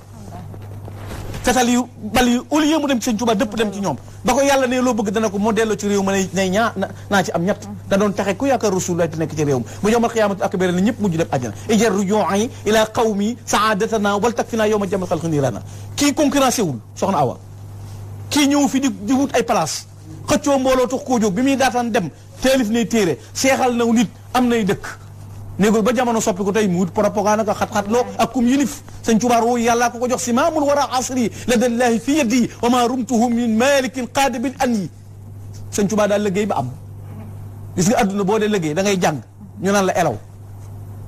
fetal yu bal yu au lieu mu dem ci sëñ Tuubaa dëpp dem ci ñoom ba ko yàlla ne loo bëgg dana ko moo ci réew ma nay ñaa naa ci am ñett da doon taxe ku yaakaar rasulullah te nekk ci réew ma mu yowmal xiyaamatu akbar na ñëpp mujj dem àjjana ijar ruju'i ila qawmi saadatana wal takfina yawma jamal xalqi nirana kii concurrencé wul soxna Awa kii ñëw fi di di wut ay place xëccoo mbooloo tax koo bi muy daataan dem teelif nay téere seexal naw nit am nay dëkk néegul ba jamono soppi ko tey mu wut propagande ko xat-xat loo ak kum yilif sëñ Tuubaa ruu yàllaa ko ko jox si maamul wara asri la dallaahi fi yadi wa ma rumtuhu min malikin qaadibil an yi sëñ Tuubaa daal liggéey ba am gis nga adduna boo dee liggéey da ngay jàng ñu naan la elaw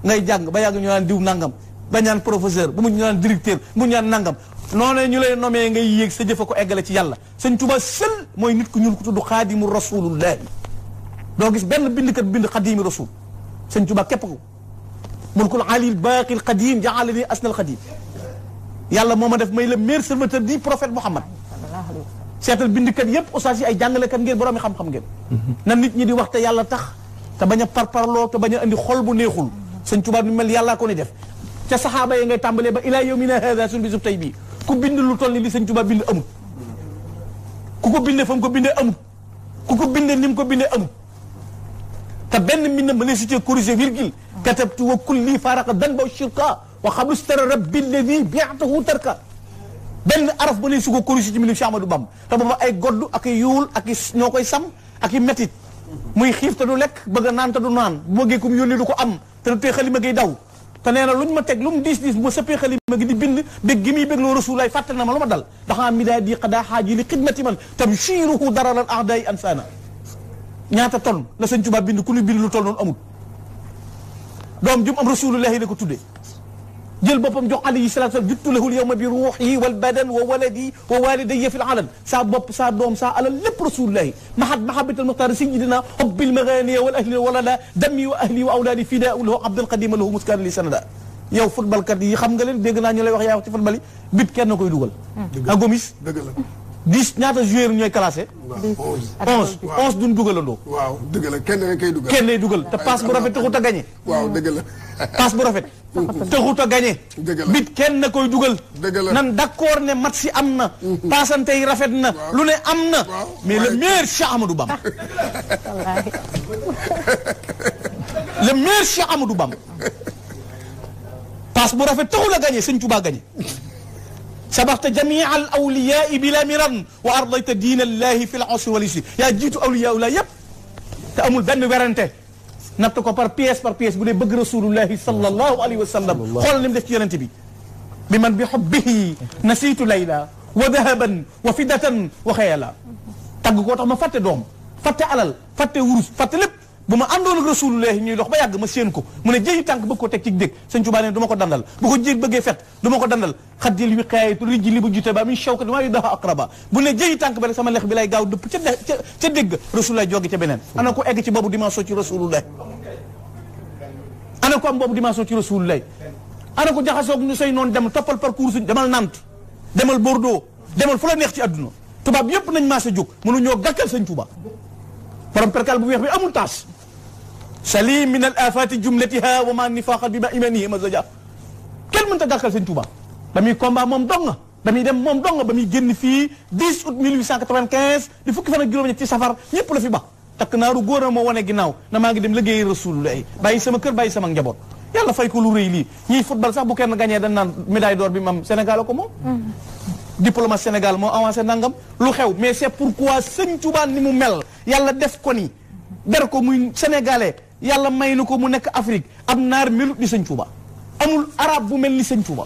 ngay jàng ba yàgg ñu naan diw nangam ba ñaan professeur bu mu ñu naan directeur bu mu ñaan nangam noonu ñu lay nomee ngay yéeg sa jëfa ko eggale ci yàlla sëñ Tuubaa sël mooy nit ku ñuul ku tudd xaadimu rasulullahi doo gis benn bindkat bind xaadimu rasul sëñ Tuba kep ko mulkul baqi al qadim jaalani asnal qadim yalla moma def may le mer serviteur di prophète Muhammad seetal bindikat yépp ustaas yi ay kat ngeen borom xam-xam ngeen na nit ñi di wax te yàlla tax te baña par parlo te baña andi xol bu neexul sëñ Tuba ni mel yalla ko ni def ca sahaba yi ya ngay tambale ba ila yawmina hadha sun bisub tey ku bind lu toll li sëñ Tuba bind amu ku ko bindee fam ko bindee amu ku ko bindee nim ko bindee amu تبين من منسجة كرسي فيرجل كتبت وكل فارق ذنب الشرقاء وخمستر رب الذي بيعته تركا بن عرف منسجة كرسي من الشامة دبام رب ما اي قرد اكي يول اكي نوكي سم اكي متت مي خيف تدو لك بغا نان تدو نان موغي كم يولي لكو ام تنو تيخلي مغي داو تنين لن ما تك لن ديس ديس مسا بيخلي مغي دي بند بيك جمي بيك لو رسول الله فاتنا ما لما دخان ميدا قدا حاجي لقدمتي من تبشيره درر الاعداء انسانا ñaata tonn la sëñ Tuubaa bind ku lu bind lu toll noonu amul doom jum am rasulullahi la ko tuddee jël boppam jox alayhi salaatu salaam juttu lahul yawma bi ruuxi wal badan wa waladi wa walidayya fil alam saa bopp saa doom saa alal lépp rasulullahi mahat mahabatal muxtaar sayyidina hubbil maganiya wal ahli walala dami wa ahli wa awlaadi fida lahu abdal qadima lahu muskaan li sanada yow football kat yi xam nga leen dégg naa ñu lay wax yaa ci football yi bit kenn koy dugal. agomis dëgg la. dix ñaata joueurs ñooy classé. onze onze duñ dugalandoo. waaw dëgg la kenn rek kay dugal. kenn lay dugal te passe bu rafet taxut a gagné. waaw dëgg la. passe bu rafet. taxut a gagné. dëgg bit kenn na koy dugal. dëgg la nan d' accord ne mat si am na. Mhm. paasante yi rafet na. lu ne am na. mais a maire Cheikh Amadou Bamba. le maire Cheikh Amadou Bamba. passe bu rafet taxul a gagné sëñ Touba gagné. سبقت جميع الاولياء بلا مرا وارضيت دين الله في العصر والاسر يا جيت اولياء لا يب تامل بن ورانتي نتكو بار بيس بار بيس بودي بغ رسول الله صلى الله عليه وسلم خول نيم ديف يونتي بي بمن بحبه نسيت ليلى وذهبا وفدة وخيالا تاغ كو تخ ما فاتي دوم فاتي علال فاتي ورس فاتي لب bu ma àndoon ak ñuy dox ba yàgg ma seen ko mu ne jëyi tànk bëgg ko teg ci dégg sëñ Tuubaa ne ko dandal bu ko jéeg bëggee fet du ma ko dandal xaddil wiqaayatu rijji li bu jute ba min shawkati maa yu dafa aqraba bu ne jëyi tànk ba rek sama lex bi lay gaaw dëpp ca ca dégg rasulullahi jóge ca beneen ana ko egg ci boobu dimension ci rasulullahi ana ko am boobu dimension ci rasulullahi ana ko jaxasoog ñu say noonu dem toppal parcours suñ demal Nantes demal Bordeaux demal fu la neex ci àdduna tubaab yëpp nañ maasa jóg mënuñoo gàkkal sëñ Tuubaa borom perkal bu weex bi amul taas salim min al afat jumlatiha wa ma nifaqa bi ma ma zaja kel mën ta dakal seigne Touba ba combat mom dong ba dem mom dong ba genn fi 10 août 1895 di fukki fan ak juróom ci safar ñepp la fi ba tak naaru góor a ma wane ginnaaw na ma ngi dem liggéey rasulullah bayyi sama kër bayyi sama njabot yalla fay ko lu rëy li ñi football sax bu kenn gagné dañ naan médaille d'or bi mam Sénégal ko mo diplomate Sénégal mo avancé nangam lu xew mais c'est pourquoi seigne Touba ni mu mel yalla def ko ni der ko muy sénégalais yàlla may na ko mu nekk Afrique ab naar melut ni sëñ Touba amul arab bu mel ni sëñ Touba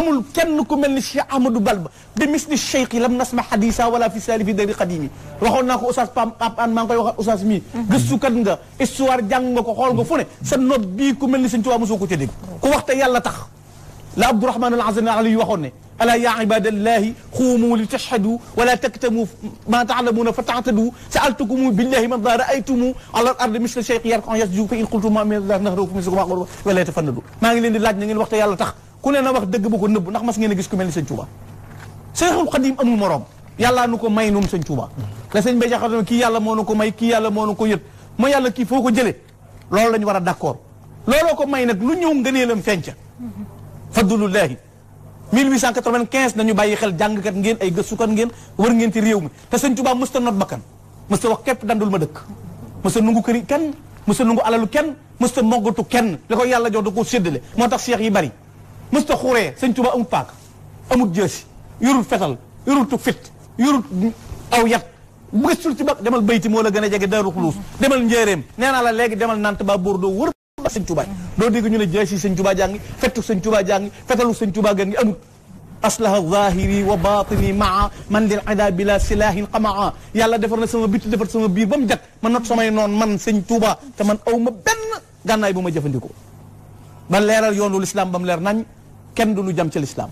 amul kenn ku mel ni Cheikh Ahmadou Balba bi misli cheikhi lam nasma hadisa wala fi sali fi dari qadimi waxoon naa ko oustaz Pam Pap an maa ngi koy waxaat oustaz mii gëstukat nga histoire jàng nga ko xool nga fu ne sa nopp bii ku mel ni sëñ Touba mosoo ko ca dégg ku waxte yàlla tax la Abdourahman al Azani waxoon ne ألا يا عباد الله قوموا لتشهدوا ولا تكتموا ما تعلمون فتعتدوا سألتكم بالله من ذا رأيتم على الأرض مثل شيء يركع يسجد فإن قلتم ما من ذا نهروا فمن سقوا مغرور ولا تفندوا ما غير اللي لاجنين الوقت يلا تخ كنا نبغى دق بكون نبغى نخ مسنين جسكم اللي سنجوا سيره القديم أم مرام يلا نكون ما ينوم سنجوا لسنا بيجا خدم كي يلا ما نكون ما كي يلا ما نكون يد ما يلا كيف هو جلي لولا نجوا دكور لولا كم ما ينك لنيوم غنيلم فنجا فضل الله 1895 nañu bàyyi xel jàngkat ngeen ay gëstukat ngeen war ngeen ci réew mi te sëñ Tuubaa mësta not bakkan mësta wax képp dandul ma dëkk mësta nungu këri kenn mësta nungu alalu kenn mësta moggatu kenn li ko yàlla jox da koo séddale moo tax seex yi bari mësta xuree sëñ Tuubaa amul paak amul jësi yorul fetal yorul tu fit yorul aw yat bu gëstul ci ba demal bayti moo la gën a jege daaru xuluus demal njéeréem nee naa la léegi demal nant ba Bordeaux wër sëñ Touba doo dégg ñu ne jeex si sëñ Touba jangi, fettu sëñ Touba jàngi fetalu sëñ Touba gën amut aslaha zahiri wa batini maa man lil ada bila silahin qamaa yàlla defar na sama bitti defar sama biir ba mu jag ma not samay noon man sëñ Touba te man aw ma benn gànnaay bu ma jëfandikoo ba leeral yoonu lislaam ba mu leer nañ kenn du lu jam ca lislaam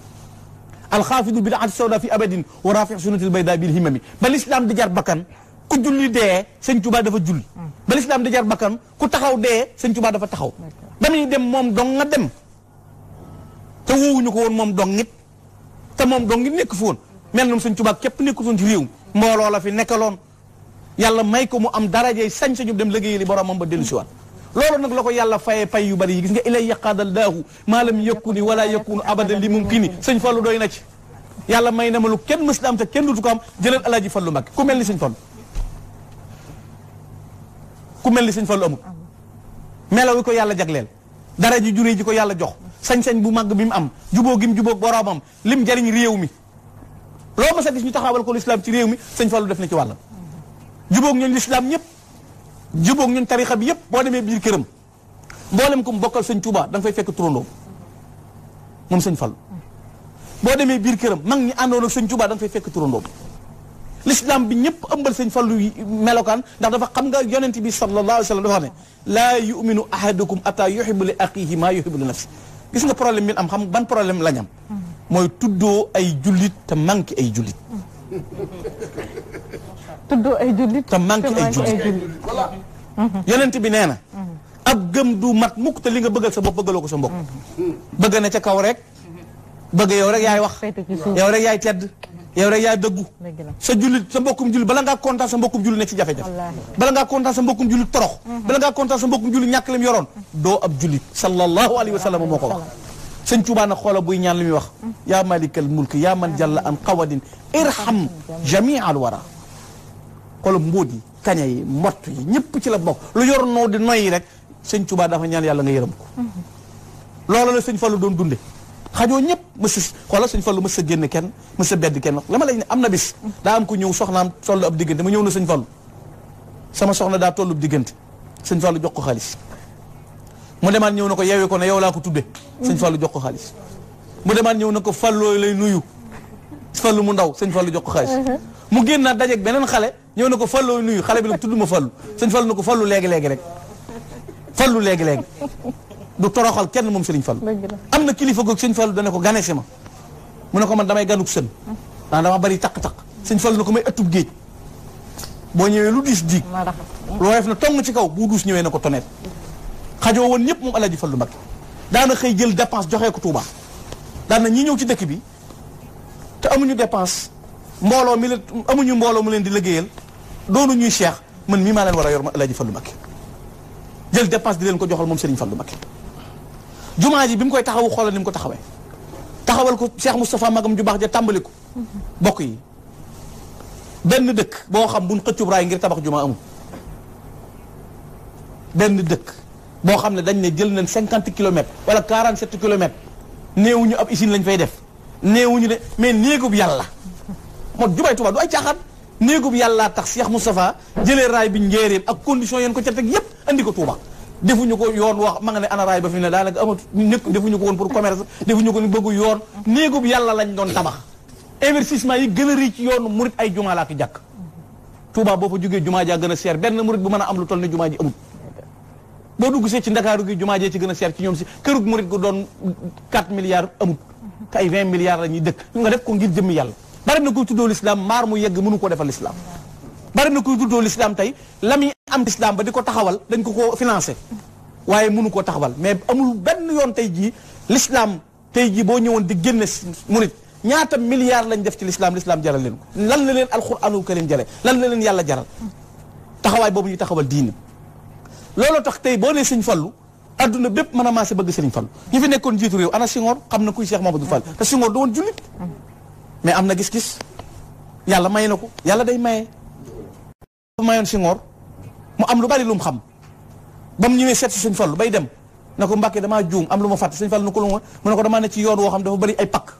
alxaafidu bil ati sawda fi abadin wa rafi sunnatil bayda bil himami ba Islam di jar bakkan ku julli dee sëñ Tuubaa dafa julli mm. ba lislaam di jar bakkanam ku taxaw dee sëñ Tuubaa dafa taxaw ba muy dem moom dong nga dem te woowuñu ko woon moom dong it te moom dong it nekk fi woon mel noonu sëñ Tuubaa képp nekkutoon ci réew mbooloo la fi nekkaloon yàlla may mu am darajey sañ sañu dem liggéey li boromam ba dellu siwaat loolu nag la ko yàlla faye pay yu bari yi gis nga ilay yaqaadallaahu maa lam yakuni wala yakunu abadan li mumkini sëñ Fallu doy na ci yàlla may na ma lu kenn mës la am te kenn dutu ko am jëlal alaaji Fallu Mbakke ku mel ni sëñ Fallu ku melni seigne sëñ Fallu amul melaw ko yalla jaglel dara ji juri ji ko yalla jox sañ-sañ bu mag bi mu am gi gim jubo boromam lim jariñ rew mi lo mas sa gis ñu taxawal ko l'islam ci rew mi seigne Fallu def na ci jubo ak ñun ñep jubo ak ñun tarixa bi yep bo demé biir kërëm mboolem ku mbokal seigne touba dang fay fekk trono mom seigne Fallu bo demé biir kërëm mag ñi ak fay fekk trono l'islam bi ñëpp ëmbal sëñ Fallu melokaan ndax dafa xam nga yonent bi sallallahu alayhi wa sallam dafa wax ne laa yuminu ahadukum ata yuhibu li aqihi maa yuhibu li nafsi gis nga problème bi am xam ban problème lañ am mooy tuddoo ay jullit te bi nee na mhm. ab gëm du mat mukk te li nga bëggal sa bopp bëggaloo ko sa mbokk mhm. bëgg na ca kaw rek bëgg yow rek yaay wax yow rek yaay tedd yow rek yaay deggu sa julit sa mbokum julit bala nga contant sa mbokum julit nek ci jafé jafé bala nga contant sa mbokum julit torox mhm. bala nga contant sa mbokum julit ñak lim yoron mhm. do ab julit sallallahu Alaihi Wasallam moko wax señ Tuubaa na xola buy ñaan limi wax mhm. ya malikal mulk ya man jalla an qawadin irham jami al wara xoola mbodi kanya yi mbott yi ñepp ci la bok lu yor no di noy rek señ dafa ñaan yalla nga yeeram ko lolo la señ Fallu doon dundé xajoo ñëpp mësa xoolal sëñ Fallu sa génn kenn mësa bedd kenn la ma lay ne am na bis daa am ko ñëw soxnaam toll ab diggante mu ñëw na sañ Fallu sama soxna daa tollu diggante sëñ Fallu jox ko xaalis mu demaat ñëw na ko yeewee ko yow laa ko tudde sëñ Fallu jox ko xaalis mu demaat ñëw na ko Fallu lay nuyu Fallu mu ndaw sëñ Fallu jox ko xaalis uh-huh. mu génn naa dajeeg beneen xale ñëw na ko Fallu nuyu xale bi nag tudd ma Fallu sëñ Fallu na ko Fallu léegi léegi rek Fallu léegi léegi du toroxal kenn mom Serigne Fall am kilifa goog Serigne Fall dana ko gane sama ma ko man damay ganuk sën da dama bari tak tak Serigne Fall nako may ëttub geej bo ñewé lu dis dig lo def na tong ci kaw bu ñewé nako tonet xajo won ñep mom aladi fall lu mak da na xey jël dépense joxé ko Touba na ñi ñew ci dëkk bi te amuñu dépense mbolo mi la amuñu mbolo mu leen di liggéeyal doonu ñuy cheikh man mi ma leen wara yor ma fall lu mak jël dépense di leen ko joxal mom Serigne lu mak jumaa ji bi mu koy taxawu xoolal ni mu ko taxawee taxawal ko Cheikh Moustapha magam ju baax ja tàmbali ko bokk yi benn dëkk boo xam buñ xëccub raay ngir tabax jumaa amul benn dëkk boo xam ne dañ ne jël nañ cinquante kilomètres wala quarante sept kilomètres néewuñu ab usine lañ fay def néewuñu ne mais néegub yàlla moo jumaay Tuubaa du ay caaxaan néegub yàllaa tax Cheikh Moustapha jëlee raay bi njéeréem ak condition yen ko ca teg yépp indi ko Tuubaa defuñu ko yoon wax ma nga ne ana raay ba fi ne daanaka amatu nekk defuñu ko woon pour commerce defuñu ko ni bëggu yoon néegub yàlla lañ doon tabax investissement yi gën ci yoonu murit ay jumaa laa ki jàkk boo fa jógee jumaa jaa gën a seer benn murit bu mën a am lu toll ni jumaa ji boo dugg see ci ndakaaru gi jumaa jee ci gën a seer ci ñoom si kërug murit gu doon 4 milliards amul te ay 20 milliards la ñuy dëkk nga def ko ngir jëmmi yàlla bari na koy tuddoo l'islam maar mu yegg mënu ko defal l'islam bari na kuy tuddoo l'islam tey la muy am l'islam ba di ko taxawal dañ ko koo financé waaye mënu koo taxawal mais amul benn yoon tey jii l'islam tey jii boo ñëwoon di génne murit ñaata milliards lañ def ci l'islam l'islam jaral leen ko lan la leen alxuraanul karim jale lan la leen yàlla jaral taxawaay boobu ñu taxawal diine looloo tax tey boo nee sëñ fallu adduna bépp mën a maase bëgg sëriñ fallu ñu fi nekkoon jiitu réew ana Senghor xam na kuy Cheikh Mamadou Fall te Senghor da woon mais am na gis yàlla may na ko yàlla day maye mayon ci ngor mu am lu bari lu xam bam mu ñëwee seet si sëñ Fallu bay dem nako mbacké dama joom am lu ma fatte sëñ Fallu nako lu ma mu nako dama ne ci yoon wo xam dafa bari ay pak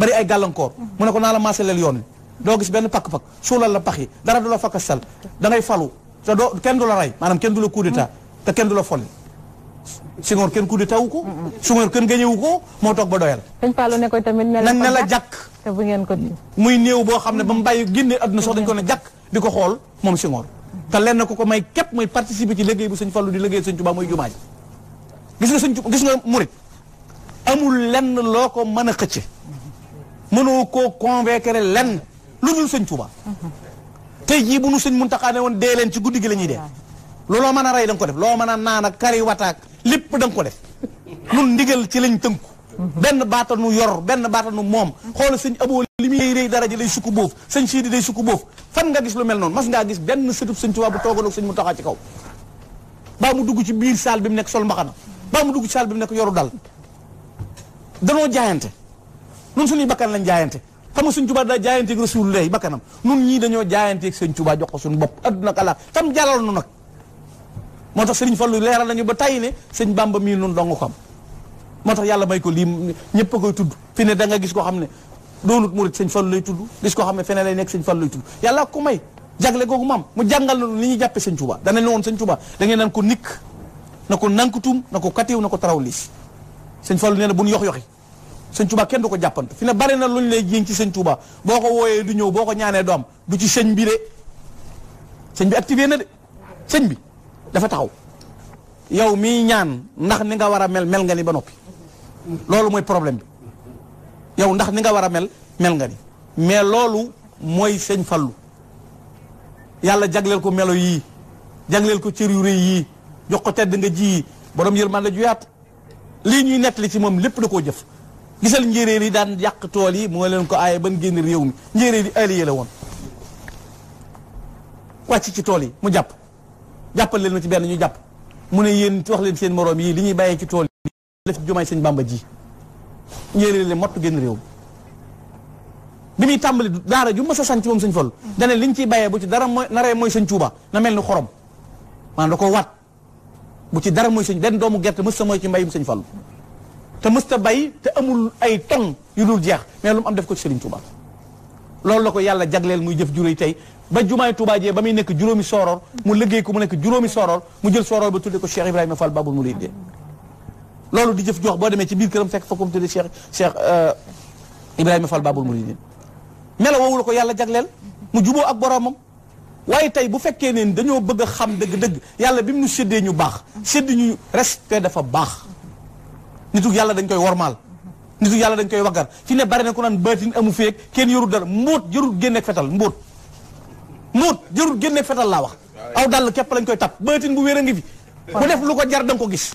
bari ay galankor mu nako ko naa la maaseleel yoon do gis ben pak pak suulal la pax yi dara du la fakkasal da ngay fallu te do kenn dula ray manam kenn dula coup d'état te kenn dula la ci ngor kenn coup d'état wu ko su ngor kenn gañewu ko mo tok ba doyal sëñ Fallu ne ko tamit nag na la jak te jàkk muy néew muy xam bo xamne bam bàyyi guiné aduna sax dañ ko ne jak diko xol moom Senghor te lenn ko ko may képp mooy participer ci liggéey bu sëñ Fallu di liggéey sëñ Tuubaa mooy jumaa ji gis nga sëñ gis nga murit amul lenn loo ko mën a xëcce mënoo koo convaincre lenn lu dul sëñ Tuubaa tey jii bu nu sëñ Muntaxa ne woon dee leen ci guddi gi la ñuy dee looloo mën a rey da ko def loo mën a naan ak kari wataak lépp da ko def nun ndigal ci lañ tënku benn baata nu yor benn baatanu moom xoola sëñ aboo li muy réy daraja lay sukku boof sëñ siidi day sukku boof fan nga gis lu mel noonu mas ngaa gis benn sëtub sëñ Tuubaa bu toogoon ak sëñ mu taxaa ci kaw baa mu dugg ci biir saal bi mu nekk sol mbaxana baa dugg ci bi mu nekk yoru dal danoo jaayante nun suñuy bakkan lañ jaayante xam nga sëñ Tuubaa daa jaayanteeg Rasuulullaahi bakkanam nun ñii dañoo jaayanteeg sëñ Tuubaa jox ko suñu bopp adduna ak àlla tam jalal nu nag moo tax sëriñ Fallu leeral nañu ba tey ne sëñ Bàmba mii nun dong ko motax yalla may ko li ñepp a koy tudd fi ne da nga gis ko xamne doonut mourid seigne fall lay tudd gis ko xamne ne lay nekk lay tudd yalla ko may jagle gogum maam mu lu ni ñi jappé seigne touba da na ñu won seigne touba da ngay nan ko nik nako nankutum nako katew nako na seigne fall neena buñ yox yoxi seigne touba kenn du ko jàppante fi ne bari na luñ lay jiñ ci seigne touba boko woyé du ñew boko ñaané doom du ci seigne bi dé seigne bi activé na dé seigne bi dafa taxaw yow mi ñaan ndax ni nga wara mel mel nga ni ba nopi loolu mooy problème bi yow ndax ni nga war a mel mel nga ni mais loolu mooy sëñ Fallu yàlla jagleel ko melo yii jagleel ko cër yu rëy yii jox ko tedd nga ji yi borom man la juyaat lii ñuy nettali ci moom lépp da koo jëf gisal njéeréer yi daan yàq tool yi moo leen ko aaye ban génn réew mi njéeréer yi allié la woon wàcc ci tool yi mu jàpp jàppal leen ma ci benn ñu jàpp mu ne yéen wax leen seen moroom yi li ñuy bàyyee ci tool yi def jumaay sëñ Bamba ji yéene leen mott génn réew bi muy tàmbali daara ju mës a sant moom sëñ Fall dane liñ ciy bayee bu ci dara mooy naree mooy sëñ Tuuba na mel ni xorom maanaam da ko wat bu ci dara mooy sëñ benn doomu gerte mës ta mooy ci mbayum sëñ Fall te mës bay te amul ay ton yu dul jeex mais lu mu am def ko ci sëriñ Tuuba loolu la ko yàlla jagleel muy jëf juróoy tey ba jumaay Tuuba jee ba muy nekk juróomi sooroor mu liggéey ko mu nekk juróomi sooroor mu jël sooroor ba tudde ko Cheikh Ibrahima Fall Babul Mourideen loolu di jëf jox boo demee ci biir këram fekk fa comme tuddee Cheikh Cheikh euh, Ibrahima Fall Babul melo woowu la ko yàlla jagleel mu juboo ak boroomam waaye tey bu fekkee ne dañoo bëgg a xam dëgg-dëgg yàlla bi mu nu ñu baax séddi ñu respect dafa baax nitu yàlla dañ koy wormaal nitu yàlla dañ koy waggar fi ne bari na ko naan baatin amu feek kenn yorul dara mbóot jërul génneeg fetal mbóot mbóot jërul génneeg fetal laa wax aw dàll képp lañ koy tap baatin bu wér a ngi fi ku ko jar danga ko gis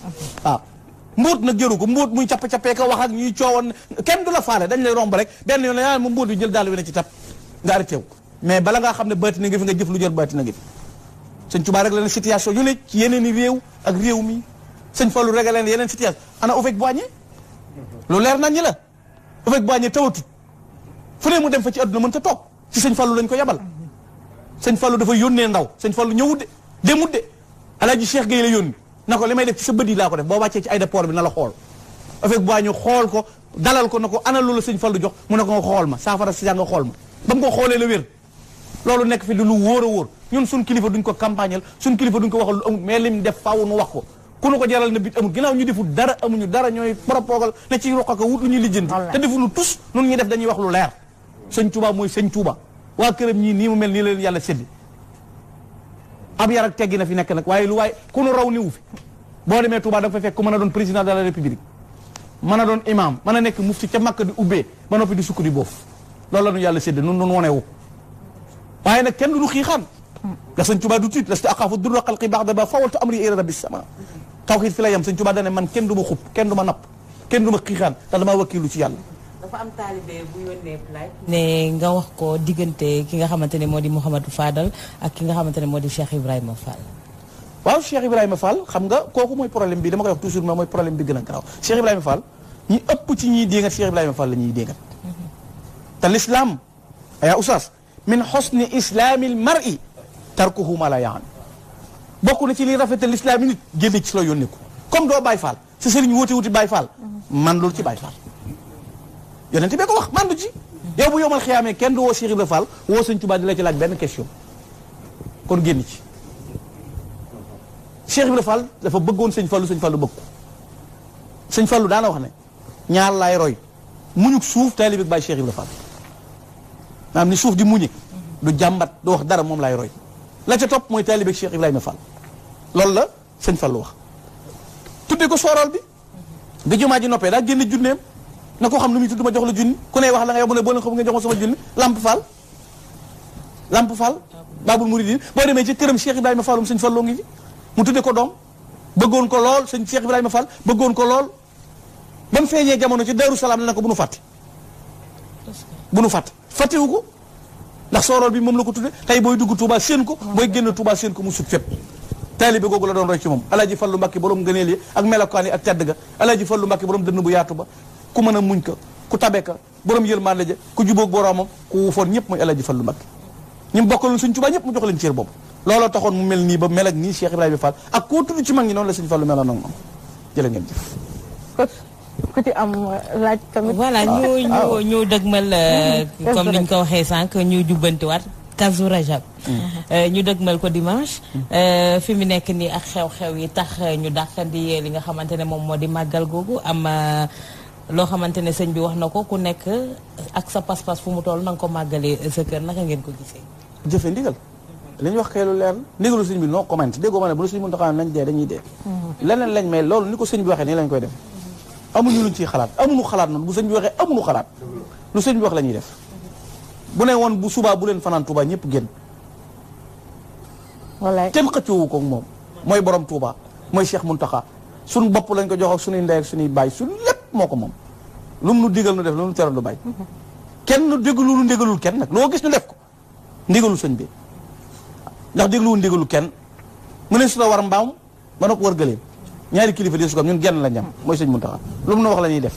mbóot nag jëru ko mbóot muy cappa-cappee ko wax ak ñuy coowoon kenn du la faale dañ lay romb rek benn yoon yaa mu mbóot bi jël daal wi ne ci tab ngaari teew mais bala nga xam ne baati na ngi fi nga jëf lu jot baati na ngi fi sëñ situation yu ne ci yeneen i réew ak réew mi sëñ Fallu rek leen yeneen situation ana Houphouët Boigny lu leer nañ ñi la Houphouët Boigny tawatut fu ne mu dem fa ci àdduna mën ta toog ci sëñ Fallu lañ ko yabal sëñ Fallu dafa yónnee ndaw sëñ Fallu ñëwut de demut de alaaji Cheikh Gueye la yónni na ko li may def ci sa bët yi laa ko def boo wàccee ci aéroport bi na la xool avec bu ñu xool ko dalal ko na ko ana loolu sëñ Fallu jox mu ne ko nga xool ma saafara si nga xool ma ba ko xoolee la wér loolu nekk fi lu wóor a wóor ñun suñ kilifa duñ ko campagnal suñ kilifa duñ ko waxal lu amul mais lim def faaw nu wax ko ku nu ko jaral na bit amul ginaaw ñu deful dara amuñu dara ñooy propoogal ne ci roq ko wut lu ñuy lijjanti te defuñu tus nun ñuy dañuy wax lu leer sëñ Touba mooy sëñ Touba waa këram ñii nii mu mel nii leen yàlla séddi ab yar ak teggi na fi nekk nag waaye lu waaye ku nu raw niwu fi boo demee Touba da nga fay fekk ku mën a doon président de la république mën a doon imam mën a nekk mufti ca Makka di ubbee ba noppi di sukk di boof loolu la ñu yàlla sédd nun nun wonewu waaye nag kenn du nu xiixaan da sëñ Touba du tiit lastu aqaafu durra xalqi baax da ba fawaltu amri ila rabbi sama tawxiid fi la yem sëñ Touba dane man kenn du ma xub kenn du ma napp kenn du ma xiixaan ndax damaa wakkiilu ci yàlla dafa am taalibe ne nga wax ko diggante ki nga xamante ne moo di Mouhamadou Fadal ak ki nga xamante ne moo di Cheikh Ibrahima Fall. waaw Cheikh Ibrahima Fall xam nga kooku mooy problème bi dama koy wax toujours moom mooy problème bi gën a garaaw Cheikh Ibrahima Fall ñi ëpp ci ñiy déngat Cheikh Ibrahima Fall la ñuy déngat. Mhm. te l'islam yaa oustaz min xosni islaamil mar'i tarkuhu ma la yaan bokk na ci li rafetal l'islam yi nit génne ci la yónnee ko comme doo Baye Fall sa sëriñ woote wuti Baye Fall mhm. man loolu ci Baye yonent bee ko wax mandu ci yow bu yomal xiyaamee kenn du woo Cheikh Ibra Fall woo Sëñ Tuubaa di la ci laaj benn génn ci Cheikh Ibra dafa bëggoon Sëñ Fallu Sëñ Fallu bëgg ko Sëñ Fallu daana wax ne ñaar laay roy muñuk suuf taalibe bi bàyyi Cheikh Ibra Fall maanaam ni suuf di muñe du jàmbat du wax dara moom lay roy la ca topp mooy taalibe lay Ibrahima Fall loolu la Sëñ Fallu wax tudde ko soorool bi bi jumaa ji noppee daa génn junneem na ko xam lu muy tudd ma jox la junni ku ne wax la nga yow mu ne boo leen xam nga joxoon sama junni Lamp Fall Lamp Fall Babul Mouridine boo demee ci këram Cheikh Ibrahima Fallum sëñ Falloo ngi mu tudde ko doom bëggoon ko lool sëñ Cheikh Ibrahima Fall bëggoon ko lool ba mu feeñee ci Daaru Salaam la na ko bu nu bu nu fàtte fàttewu ko ndax bi moom na ko tudde tey booy dugg Touba séen ko booy génn Touba seen ko mu sut fépp taalibe googu la doon roy ci moom alaaji lu Mbàkke borom ngëneel yi ak melokaan yi ak tedd ga alaaji lu Mbàkke borom dënn bu yaatu ba ku mëna muñ ko ku tabé ko borom la ja ku ak borom ku wufoon ñëpp mu alaji fallu mak ñim bokkaloon suñ tubaa ñëpp mu jox leen ciir bob looloo taxon mu melni ba mel ak ni cheikh ibrahim fall ak ko tuddu ci mag ñi non la seigne fallu mel ak mom jële ngeen jëf ku ci am laaj tamit voilà ah, ñoo ah, ñoo ñoo dëgmal euh, mm-hmm. comme niñ ko waxee sànq ñu jubbanti waat kazu rajab mm-hmm. euh, ñu dëgmal ko dimanche mm-hmm. euh, fi mu nekk nii ak xew-xew yi tax ñu dàqandi li nga am loo xamante ne sëñ bi wax na ko ku nekk ak sa pas-pas fu mu toll na nga ko màggalee sa kër naka ngeen ko gisee. jëfe ndigal. li wax kay lu leer ndigalu sëñ bi noo commenté déggoo ma ne bu la sëñ bi taxaw nañ dee dañuy dee. Mhm. leneen ko sëñ waxee nii lañ koy def. amuñu luñ ci xalaat amuñu xalaat noonu bu sëñ bi waxee amuñu xalaat. lu sëñ bi wax la ñuy def. bu ne woon bu subaa bu leen fanaan Touba ñëpp génn. wallaay kenn xëccoowu ko moom. mooy borom Touba mooy Cheikh taxa suñu bopp lañ ko jox ak suñuy suñuy baay suñu moko mom moom lu mu nu digal nu def lu mu teral nu bàyyi kenn nu deglu lu ndegalul kenn nak lo gis nu def ko ndigalu sëñ bi ndax dégluwu ndigalu kenn mu su war mbam ba war gele ñaari kilifa di su ko ñun genn la ñam moy sëñ muntaha lu mu nu wax lañuy def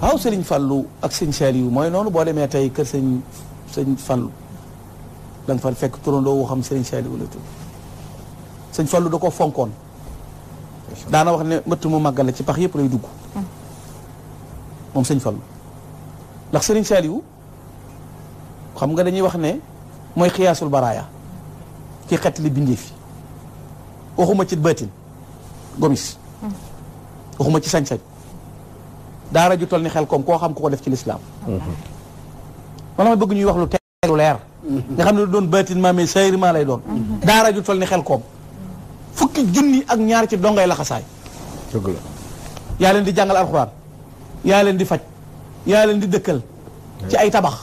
haaw sëriñ fallu ak sëñ Saliou moy nonu bo demé tay keur sëñ sëñ Fallou da nga fa fekk turandoo woo xam sëriñ Saliou la tu sëñ fallu da ko fonkoon wax ne mbëtt mu magal ci pax yep lay dugg moom sëñ Fallu ndax sëriñ Saaliwu xam nga dañuy wax ne mooy xiyaasul baraaya ci xet li bindee fi waxuma ci bëtin gomis waxuma ci sañ-sañ daara ju toll ni xel koom koo xam ku ko def ci lislaam wala ma bëgg ñuy wax lu teelu leer nga xam ne doon bëtin maa mais sayri maa lay doon daara ju toll ni xel koom fukki junni ak ñaar ci dongay laxasaay dëgg yaa leen di jàngal alxuraan يا لين دي فاج يا لين دي دكل تي اي تباخ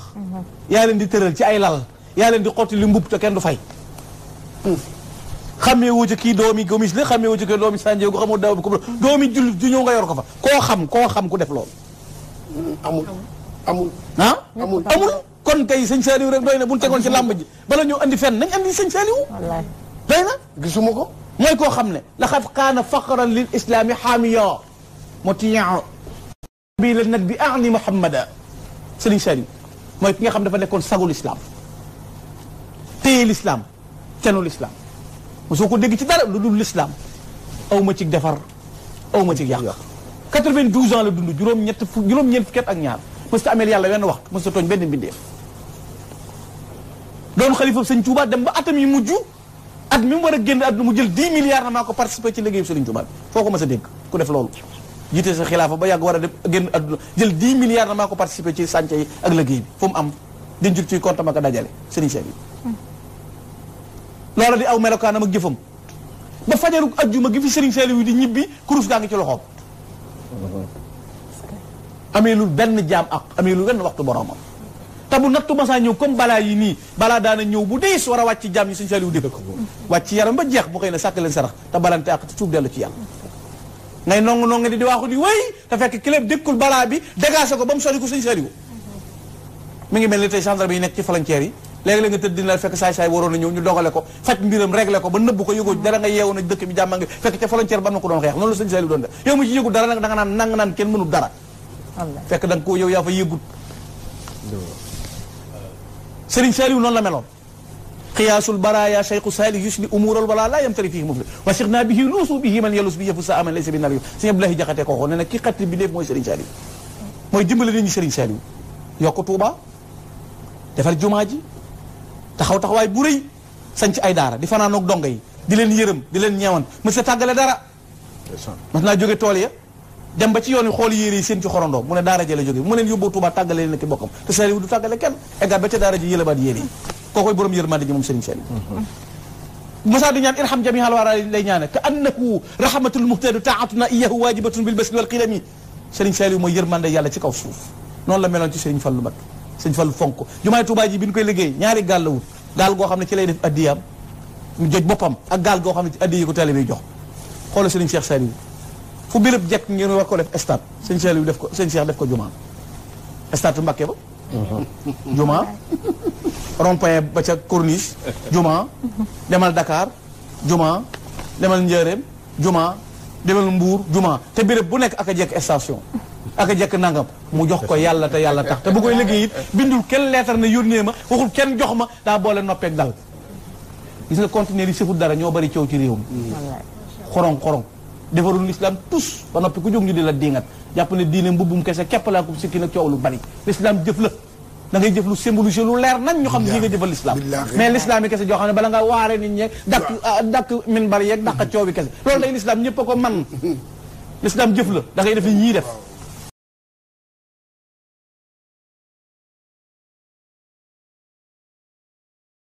يا لين دي تيرل اي لال يا لين دي قوتي لي مبوب تا كين دو كي دومي غوميس لي خامي ووجي كي دومي سانجي كو خامو داو دومي جول دي نيو غا يور كو كو خام كو خام كو ديف لول امول امول ها امول امول كون تاي سيغ ساليو رك دوينا بون تيغون سي لامب جي بالا نيو اندي فين نان اندي سيغ ساليو دوينا غيسوموكو موي كو خامني لا خاف كان فقرا للاسلام حاميا مطيعا bi la nag bi ahni muhammada sëriñ sari moy ki nga xam dafa nekkon sagul islam tey l'islam tenu l'islam mosoo ko dégg ci dara lu dul l'islam aw ma ci defar aw ma ci yàq 92 ans la dund jurom ñet fu juróom ñeent fukki ak ñaar musta amel yalla wenn wax musta togn benn mbindeef doon khalifa serigne touba dem ba atam yi mujj at mi mu wara genn génn mu jël 10 milliards na mako participer ci liguey serigne touba foko ma sa deg ku def loolu jité sa khilafa ba yag wara a def jël 10 milliards na maa ko participé ci santé yi ak liggéey bi fu mu am denc ci compte ma dajalé serigne Cheikh hmm. lolu di aw melokanam ak jëfam ba fajaru ajjuma gi fi serigne Cheikh di ñibbi kurus gaa ngi ci loxoom. amé lu ben jam ak amé lu ben waxtu boromam. ta bu nattu sa ñew comme bala yi ni bala da na ñew bu diis wara wacc jam yi serigne sëriñ Cheikh di ko hmm. wacc yaram ba jeex bu xeyna na sarax ta balante ak tuub delu ci yalla ngay nongu nongu di di waaxu di wéy te fekk kilib dékkul balaa bi dégagé ko ba mu sori ko suñ ngi mel ni tey gendarme yi nekk ci frontière yi léegi-léeg nga tëdd dina la fekk ñëw ñu dogale ko faj mbiram réglé ko ba nëbb ko yëgoo dara nga yeewoon ak dëkk bi jàmma ngi fekk ca frontière ba am na ko nga fekk da nga ko yow yaa fa yëgut Sëriñ noonu la meloon قياس البرايا شيخ صالح يشلي امور البلاء لا يمتري فيه مفلس وشيخنا به لوس به من يلوس به فسا امن ليس بنا اليوم سي بلاه جاكاتي كو خونا كي قتل بي ديف موي سيرين سالم موي ديمبل ني سيرين سالم يوكو توبا دفر جماجي تخاو تخواي بوري سانت اي دارا دي فنانوك دونغاي دي لين ييرم دي لين نيوان ما سي تاغالي دارا مثلا جوغي توليا dem ba ci yoni xol yere seen ci xorondo mu ne dara joge mu len yobbo touba tagale len ki te sey du tagale ken e gabe te dara ji yele ba yele kookoy borom yërmande ji moom Serigne Saliou. Mm-hmm. Moussa du ñaan la jami alwara lay ñaane ka annahu rahmatul muhtadu taatuna iyahu wajibatun bil basri wal qilami Serigne Saliou mooy yërmande yàlla ci kaw suuf noonu la meloon ci Serigne Fallou Mbacké Serigne Fallou fonk jumaay Touba ji bi ñu koy liggéey ñaari gaal la gaal goo xam ne ci lay def addiyaam mu joj boppam ak gaal goo xam ne ci addiya ko taalibe jox xoolal Serigne Cheikh Saliou fu béréb jekk ngeen war ko def stade sëñ Saliou def ko sëñ Cheikh def ko jumaa stade Mbacké ba mm-hmm. jumaa rond-point ba ca corniche juma demal Dakar juma demal Njaaréem juma demal Mbuur juma te béréb bu nekk ak a jekk station ak a jekk nangam mu jox ko yàlla te yàlla tax te bu koy liggéey it bindul kenn leetar ne yónnee ma waxul kenn jox ma daa boole noppeeg dal gis nga conteneur sëful dara ñoo bari coow ci réew mi xorong xorong defarul l'islam tous ba noppi ku jóg ñu di la diingat jàpp ne diine mbubbum kese képp laa ko sikki nag coow lu bari l'islam la da ngay jëf lu symboliser lu leer na ñu xam ne ñi nga jëfal l'islam mais l'islam yi kese joo xam ne bala nga waare nit ñeeg dàkk ah, dàkk min bari yeeg dàq coow bi kese loolu day l'islam ñëpp a ko man l'islam jëf la da ngay def li ñii def